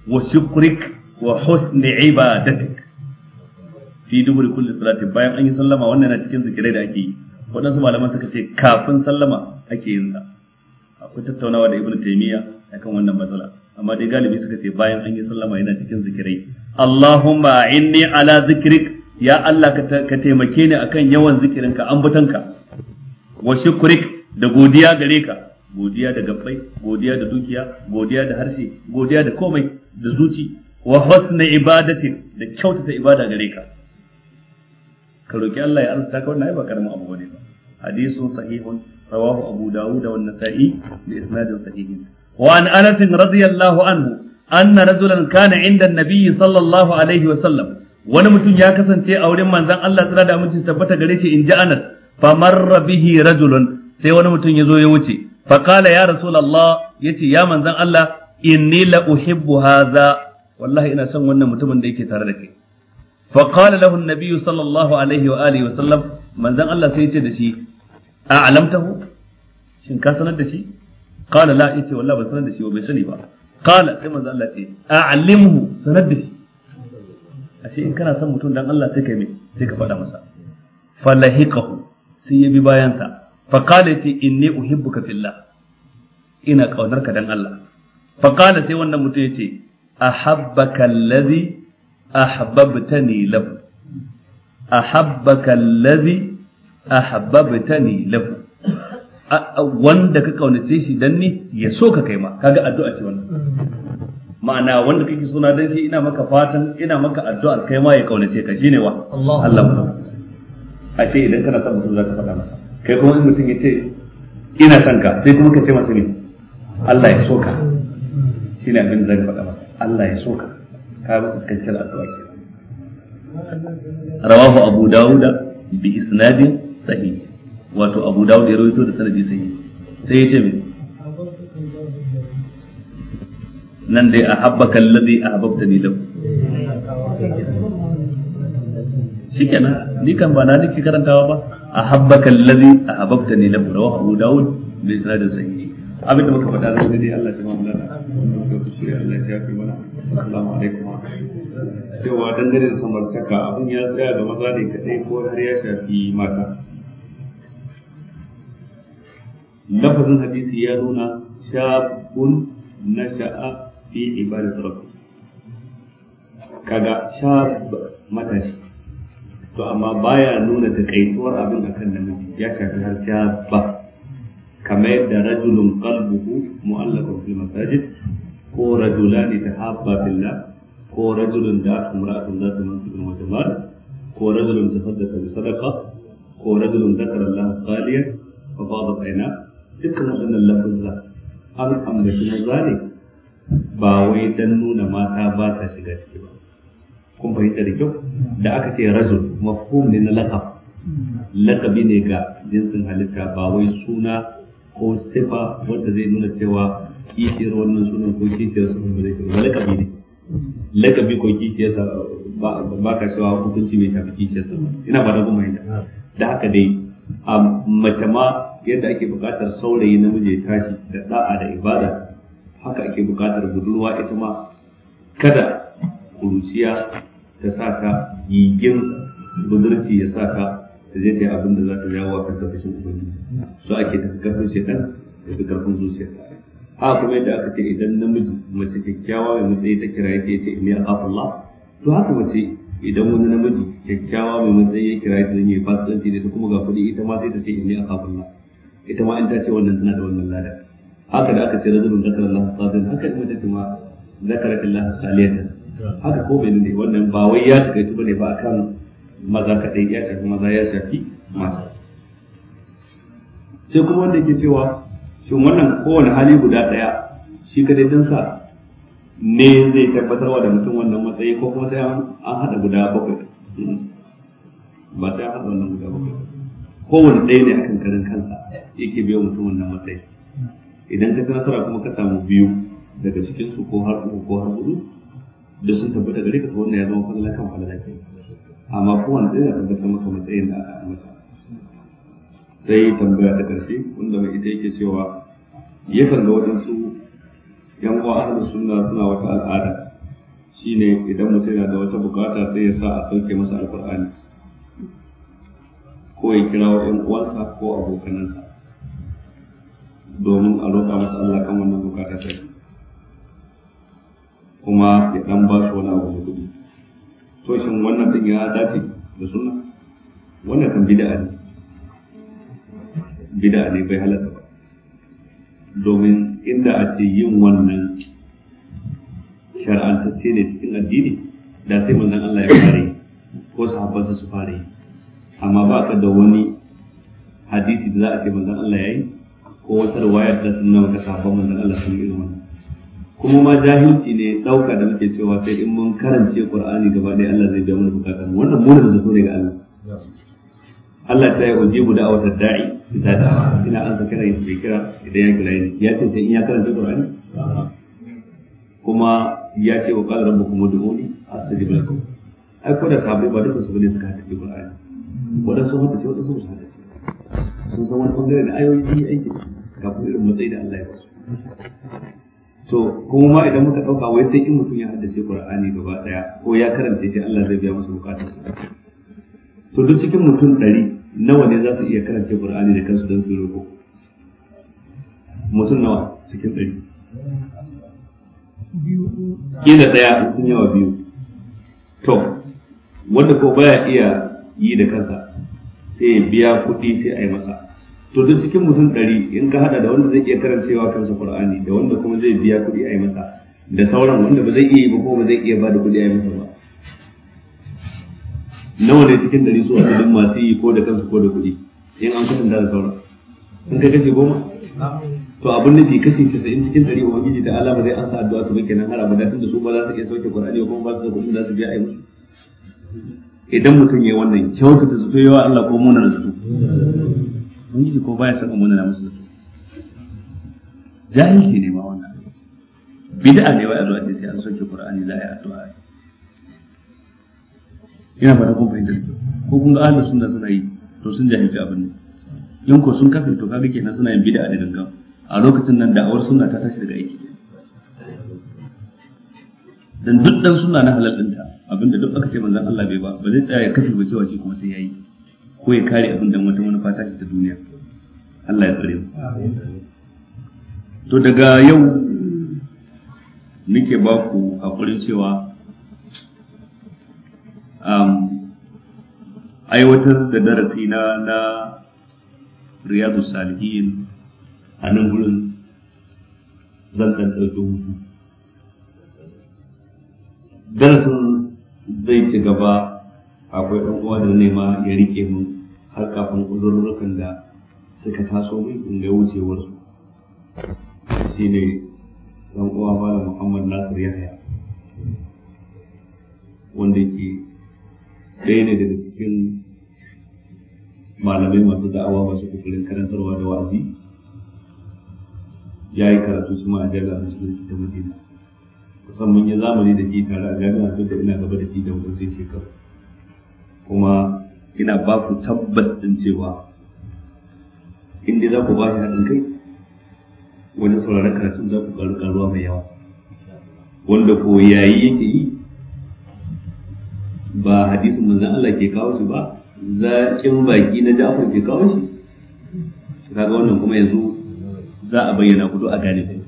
wa shukrik wa husni ibadatik fi duburi kulli salatin bayan an yi sallama wannan na cikin zikirai da ake yi waɗansu malaman suka ce kafin sallama ake yin sa akwai tattaunawa da ibnu taymiya akan wannan matsala amma dai galibi suka ce bayan an yi sallama yana cikin zikirai Allahumma inni ala zikrik ya Allah ka taimake ni akan yawan zikirinka ka wa shukrik da godiya gare ka godiya da gabbai godiya da dukiya godiya da harshe godiya da komai da zuci wa husna ibadatin da kyautata ibada gare ka ka roki Allah ya arzuta ka wannan ai ba karamin abu bane ba حديث صحيح رواه أبو داود والنسائي بإسناد صحيح وعن أنس رضي الله عنه أن رجلا كان عند النبي صلى الله عليه وسلم wani mutum ya kasance a wurin manzon Allah tsira da aminci tabbata gare shi in ji Anas fa marra bihi sai wani mutum ya zo ya wuce fa qala ya rasulullah yace ya manzon Allah inni la uhibbu hadha wallahi ina son wannan mutumin da yake tare da kai fa qala sallallahu alaihi wa sallam Allah sai ce da shi a alamtahu shin ka sanar da shi qala la yace wallahi ban sanar da shi ba bai sani ba qala sai manzo Allah ce a alimhu sanar da shi ashe in kana son mutum dan Allah sai kai me sai ka faɗa masa falahiqahu sai ya bi bayansa fa qala yace inni uhibbuka fillah ina kaunarka dan Allah fa qala sai wannan mutum yace ahabbaka allazi ahbabtani lahu ahabbaka allazi ahabbabtani lahu wanda ka kaunace shi dan ni ya so ka kai ma kaga addu'a ce wannan ma'ana wanda kake suna dan shi ina maka fatan ina maka addu'a kai ma ya kaunace ka shine wa Allah ashe idan kana son mutum zaka faɗa masa kai kuma in mutum ya ce ina son ka sai kuma ka ce masa ne Allah ya so ka shine abin da zaka faɗa masa Allah ya so ka ka su cikakken addu'a ke rawahu abu dauda bi isnadin Sahi, wato abu dawud ya rawaito da sanadi sahi, sai ya ce me nan dai ahabbaka alladhi ahbabtani lahu shikenan ni kan ba na nake karantawa ba ahabbaka alladhi ahbabtani lahu rawahu abu dawud bi sanadin abin da muka faɗa da dai Allah ya ba mu lana Allah ya fi mana assalamu alaikum wa rahmatullahi cewa dangane da samartaka abin ya tsaya ga maza ne kadai ko har ya shafi mata lafazin hadisi ya nuna shabun nasha'a fi ibadatu rabbi kaga shab matashi to amma baya nuna takaituwar abin akan namiji ya shafi har shabba kamar yadda rajulun qalbuhu mu'allaqun fil masajid ko rajulani tahabba billah ko rajulun da imra'atun zatu mansibin wa ko rajulun tasaddaqa bi sadaqa ko rajulun dhakara Allah qaliyan fa fadat ayna dukkan waɗannan lafuzza an ambaci maza ne ba wai dan nuna mata ba sa shiga ciki ba kun fahimta da kyau da aka ce rajul mafhum ne na laqab laqabi ne ga jinsin halitta ba wai suna ko sifa wanda zai nuna cewa kishiyar wannan sunan ko kishiyar sunan ba zai shiga ba laqabi ne laqabi ko kishiyar sa ba ka cewa hukunci bai shafi kishiyar sa ina ba da kuma yanda da haka dai mace ma yadda ake buƙatar saurayi namiji ya tashi da da'a da ibada haka ake buƙatar budurwa ita ma kada kuruciya ta sa ta yigin budurci ya sa ta ta je ta abin da za ta jawo kan kanta fushin ubangiji so ake tafi karfin shaitan da fi karfin zuciya a kuma yadda aka ce idan namiji mace kyakkyawa mai matsayi ta kira shi ya ce inni akhafullah to haka mace idan wani namiji kyakkyawa mai matsayi ya kira shi zan yi fasikanci da ta kuma ga kuɗi ita ma sai ta ce inni akhafullah ita ma in ta ce wannan tana da wannan lada haka da aka ce rajulun zakara Allah sadiqan haka in mace ce ma zakara Allah salihatan haka ko bai ne wannan ba wai ya take ba ne ba akan maza kadai ya shafi maza ya shafi mata sai kuma wanda ke cewa shin wannan kowane hali guda daya shi kadai din sa ne zai tabbatarwa da mutum wannan matsayi ko kuma sai an hada hmm. guda bakwai ba sai an hada wannan guda bakwai kowane ɗaya ne akan karin kansa yake biya mutumin nan matsayi idan ka nasara kuma ka samu biyu daga cikin su ko har uku ko har hudu da sun tabbata gare ka wannan ya zama fadala kan fadala ke amma kowanne ɗaya ya tabbata maka matsayin da aka mata sai tambaya ta ƙarshe wanda mai ita yake cewa yakan ga waɗansu yan uwa ahlus sunna suna wata al'ada shine idan mutum yana da wata bukata sai ya sa a sauke masa alkur'ani ko ya kira wa uwansa ko abokanansa domin a roƙa masa Allah kan wannan bukata ta kuma ya dan ba su wani abu da kuɗi to shin wannan din ya dace da sunna wannan kan bid'a ne bid'a ne bai halatta ba domin inda a ce yin wannan shar'antacce ne cikin addini da sai manzon Allah ya fara yi ko sahabbansa su fara yi amma ba ka da wani hadisi da za a ce manzon Allah ya yi ko wata riwaya ta nuna maka sahabban manzon Allah sun yi wannan kuma ma jahilci ne dauka da muke cewa sai in mun karance Qur'ani gaba ɗaya Allah zai biya mana bukatun mu wannan mun da zato ne ga Allah Allah ta yi ujibu da awata da'i ita da ina an zaka yin bai kira idan ya kira yin ya ce sai in ya karance Qur'ani kuma ya ce wa qala rabbukum ud'uni astajib lakum ai ko da sahabbai ba duka su bane suka ce Qur'ani wadansu ce wadansu ba su ce sun san wani bangare da ayoyi aiki ga ku irin matsayi da Allah ya basu to kuma ma idan muka dauka wai sai in mutum ya haddace Qur'ani gaba daya ko ya karanta shi Allah zai biya masa bukatar su to duk cikin mutum ɗari nawa ne za su iya karance Qur'ani da kansu don su rubo mutum nawa cikin ɗari kila daya sun yawa biyu to wanda ko baya iya yi da kansa sai ya biya kuɗi sai a yi masa to duk cikin mutum ɗari in ka haɗa da wanda zai iya karancewa kansa qur'ani da wanda kuma zai biya kuɗi a yi masa da sauran wanda ba zai iya yi ba kuma ba zai iya ba da kuɗi a yi masa ba nawa ne cikin ɗari su a duk masu yi ko da kansu ko da kuɗi in an kusan da sauran in ka kashe goma to abin ke kashe casa'in cikin ɗari ubangiji da ala ba zai ansa addu'a su ba kenan har abada tun da su ba za su iya sauke qur'ani ko kuma ba su da kuɗin za su biya a yi masa idan mutum ya yi wannan kyautata zato yawa Allah ko muna su ubangiji ko baya son amuna na musu zato jahilci ne ma wannan bid'a ne wai a zuwa ce sai an soke qur'ani za a yi addu'a ina fata kun fahimta ko kun ga ahlus sunna suna yi to sun jahilci abin ne in ko sun kafe to kaga kenan suna yin bid'a da gangan a lokacin nan da'awar sunna ta tashi daga aiki dan duk dan sunna na halal dinta abinda duk aka ce manzon Allah bai ba ba zai tsaya ya kafe ba cewa shi kuma sai yayi ko ya kare abin da wata manufa ta ta duniya Allah ya tsare mu to daga yau nake ba ku hakurin cewa um, aiwatar da darasi na na riyadu salihin a nan gurin zan ɗan ɗauki darasin zai ci gaba akwai ɗan uwa da nema ya rike mun har kafin uzurrukan da suka taso min in ga wucewarsu shi ne ɗan uwa malam muhammad nasir yahaya wanda ke ɗaya ne daga cikin malamai masu da'awa masu kokarin karantarwa da wa'azi ya yi karatu su ma a jami'ar musulunci ta madina kusan yi zamani da shi tare a jami'ar duk da ina gaba da shi da wasu shekaru kuma ina ba ku tabbas din cewa inda za ku ba shi haɗin kai wajen sauraron karatun za ku ƙaru ƙaruwa mai yawa wanda ko yayi yake yi ba hadisin manzan Allah ke kawo shi ba zaƙin baki na Ja'far ke kawo shi kaga wannan kuma yanzu za a bayyana kudu a gane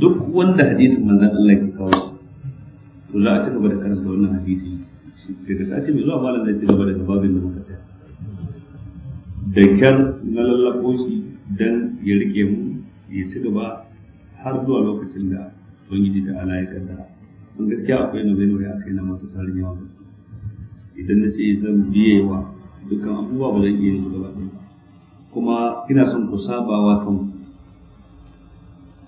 duk wanda hadisin manzan Allah ke kawo shi to za a cika ba da karanta wannan hadisi daga sati mai zuwa malam zai ci gaba daga babin da muka tsaya da kyar na lallabo shi dan ya rike mu ya ci gaba har zuwa lokacin da ubangiji da ala ya kaddara An gaskiya akwai na bai a kai na masu tarin yawa idan na ce zan biye wa dukkan abubuwa ba zan iya yin su gaba ɗaya kuma ina son ku saba wa kan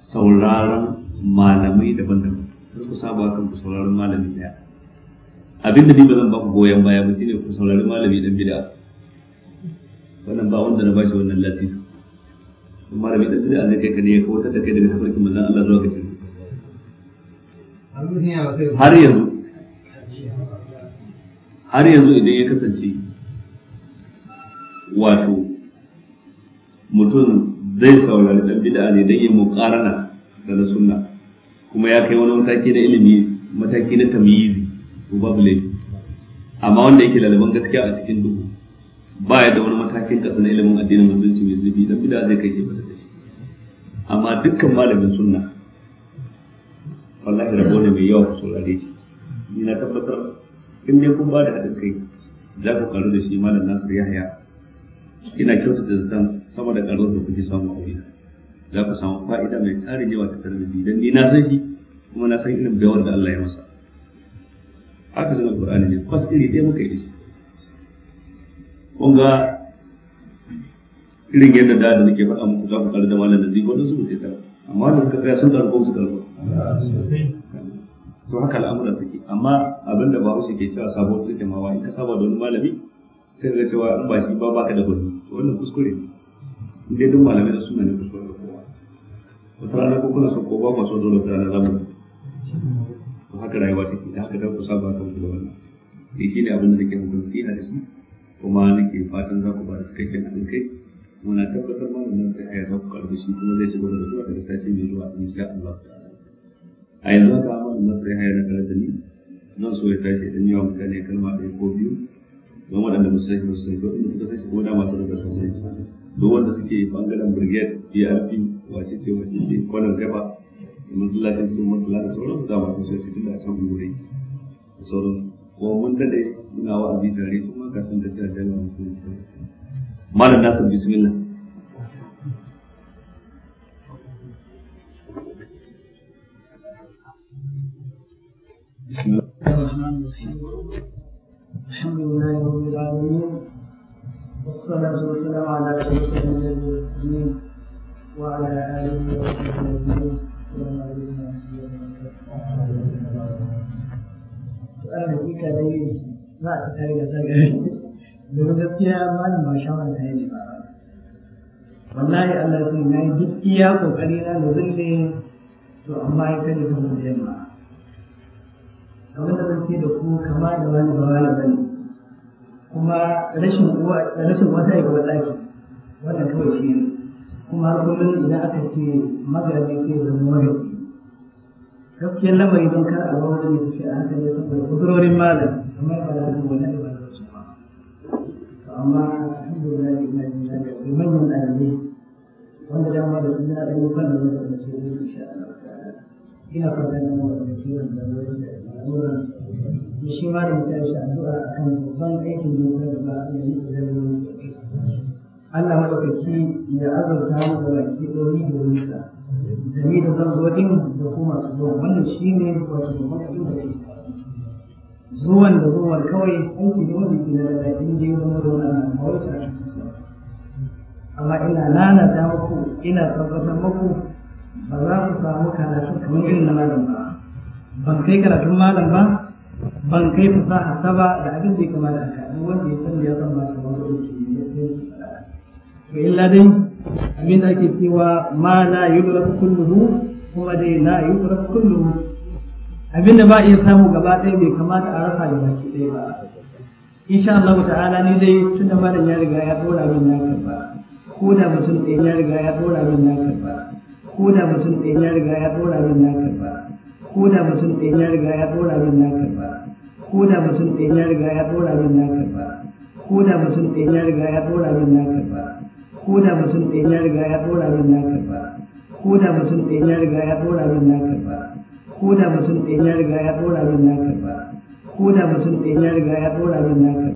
sauraron malamai daban-daban ku saba wa kan ku sauraron malami ɗaya da ni ba zan ku goyon baya ba shine ku saurari malami dan bid'a wannan ba wanda na bashi wannan lasisi malami dan bid'a zai kai ka ne ya kawatar da kai daga tafarkin manzon Allah zuwa ga har yanzu har yanzu idan ya kasance wato mutum zai saurari dan bid'a ne dan ya muqarana da na sunna kuma ya kai wani mataki na ilimi mataki na tamyizi to amma wanda yake lalaban gaskiya a cikin duhu ba ya da wani matakin kasa na ilimin addinin musulunci mai zurfi dan bid'a zai kai shi ba da shi amma dukkan malamin sunna wallahi rabo ne mai yawa ku saurare shi ni na tabbatar in dai kun ba da haɗin kai za ku karu da shi malam Nasir Yahya ina kyautata zan sama da karuwar da kuke samu a za ku samu fa'ida mai tarin yawa ta tarbiyya dan ni na san shi kuma na san irin bayar da Allah ya masa haka sanin Qur'ani ne kwas iri ɗaya muka yi da kun ga irin yadda da da nake faɗa muku za ku ƙarar da malam nazi wannan su sai tara amma da suka tsaya sun ƙarar ko su ƙarar to haka al'amuran suke amma abinda ba hausa ke cewa sabo su ke mawa in saba da wani malami sai ga cewa in ba shi ba baka da gudu to wannan kuskure ne inda duk malamai da suna ne kuskure da kowa wata rana ko kuna so ko ba ku so dole wata rana za haka rayuwa take da haka da ku saba kan da wannan shi shine abin da nake muku nasiha da shi kuma nake fatan za ku ba da cikakken haɗin kai muna tabbatar ma da nan sai za ku karbi shi kuma zai ci gaba da zuwa daga sati mai zuwa insha Allah ta'ala a yanzu ka amma na nan sai haya da ni nan so ya tashi dan yawan mutane kalma ɗaya ko biyu don waɗanda ba su sani ba su sani waɗanda suka sani kuma da masu daga sun don wanda suke bangaren brigade brp wace ce wace ce kwanan gaba masallacin sun masala da sauran za mu tafi shi tunda a can gure da sauran kuma mun dade muna wa'azi tare kuma kafin da ta jami'a musulunci malam nasir bismillah بسم الله الرحمن الرحيم الحمد لله رب العالمين والصلاة والسلام على أشرف الأنبياء والمرسلين وعلى آله وصحبه أجمعين السلام عليكم ورحمة الله وبركاته. أنا حقيقة لي ما أتكلم كذا domin gaskiya malam ba shawara ta yi ne ba wallahi Allah sai na yi duk iya kokari na da zulle to amma ya kare kansa da yamma kamar da zan ce da ku kama da wani ba wani bane kuma rashin uwa rashin wasa ya gaba daki wannan kawai shi ne kuma har kullum idan aka ce magarabi sai ya zama magaji gaskiyar lamari don kar a rawar mai tafi a haka ne saboda uzurorin malam amma ba da haka wani ba da su ba to amma alhamdulillah ina jin daga da manyan ɗalibai wanda dama da sun yi ɗaya kan da zai da ke wani insha Allah ina fatan nan wanda ke wanda wani da al'amuran da shi ma da mutane shi addu'a akan babban aikin da sa gaba da yi da zama masa Allah madaukaki ya azurta mu da baki ɗori da nisa da ni da zan zo ɗin da kuma su zo wannan shi ne wato babban abin da ke zuwan da zuwan kawai aiki ne wanda ke da daɗin da ya zama da wannan kawai ta kasa amma ina lalata muku ina tabbatar muku ba za mu samu karatu kamar irin na malam ba ban kai karatun malam ba ban kai fasaha ta ba da abin da ya kama da haka wanda ya san da ya san ba kamar wanda ke yi illa dai abinda ake cewa ma la yudrak kulluhu kuma dai la yudrak kulluhu abinda ba iya samu gaba ɗaya bai kamata a rasa da baki ɗaya ba insha Allah ta'ala ni dai tunda malam ya riga ya dora min na karba ko da mutum ɗaya ya riga ya dora min na karba ko da mutum ɗaya ya riga ya dora min na karba ko da mutum ɗaya ya riga ya dora min na karba ko da mutum ɗaya ya riga ya dora min na karba ko da mutum ɗaya ya riga ya dora min na karba ko da mutum ɗaya ya riga ya ɗora min na karba ko da mutum ɗaya ya riga ya ɗora min na karba ko da mutum ɗaya ya riga ya ɗora min na karba ko da mutum ɗaya ya riga ya ɗora min na karba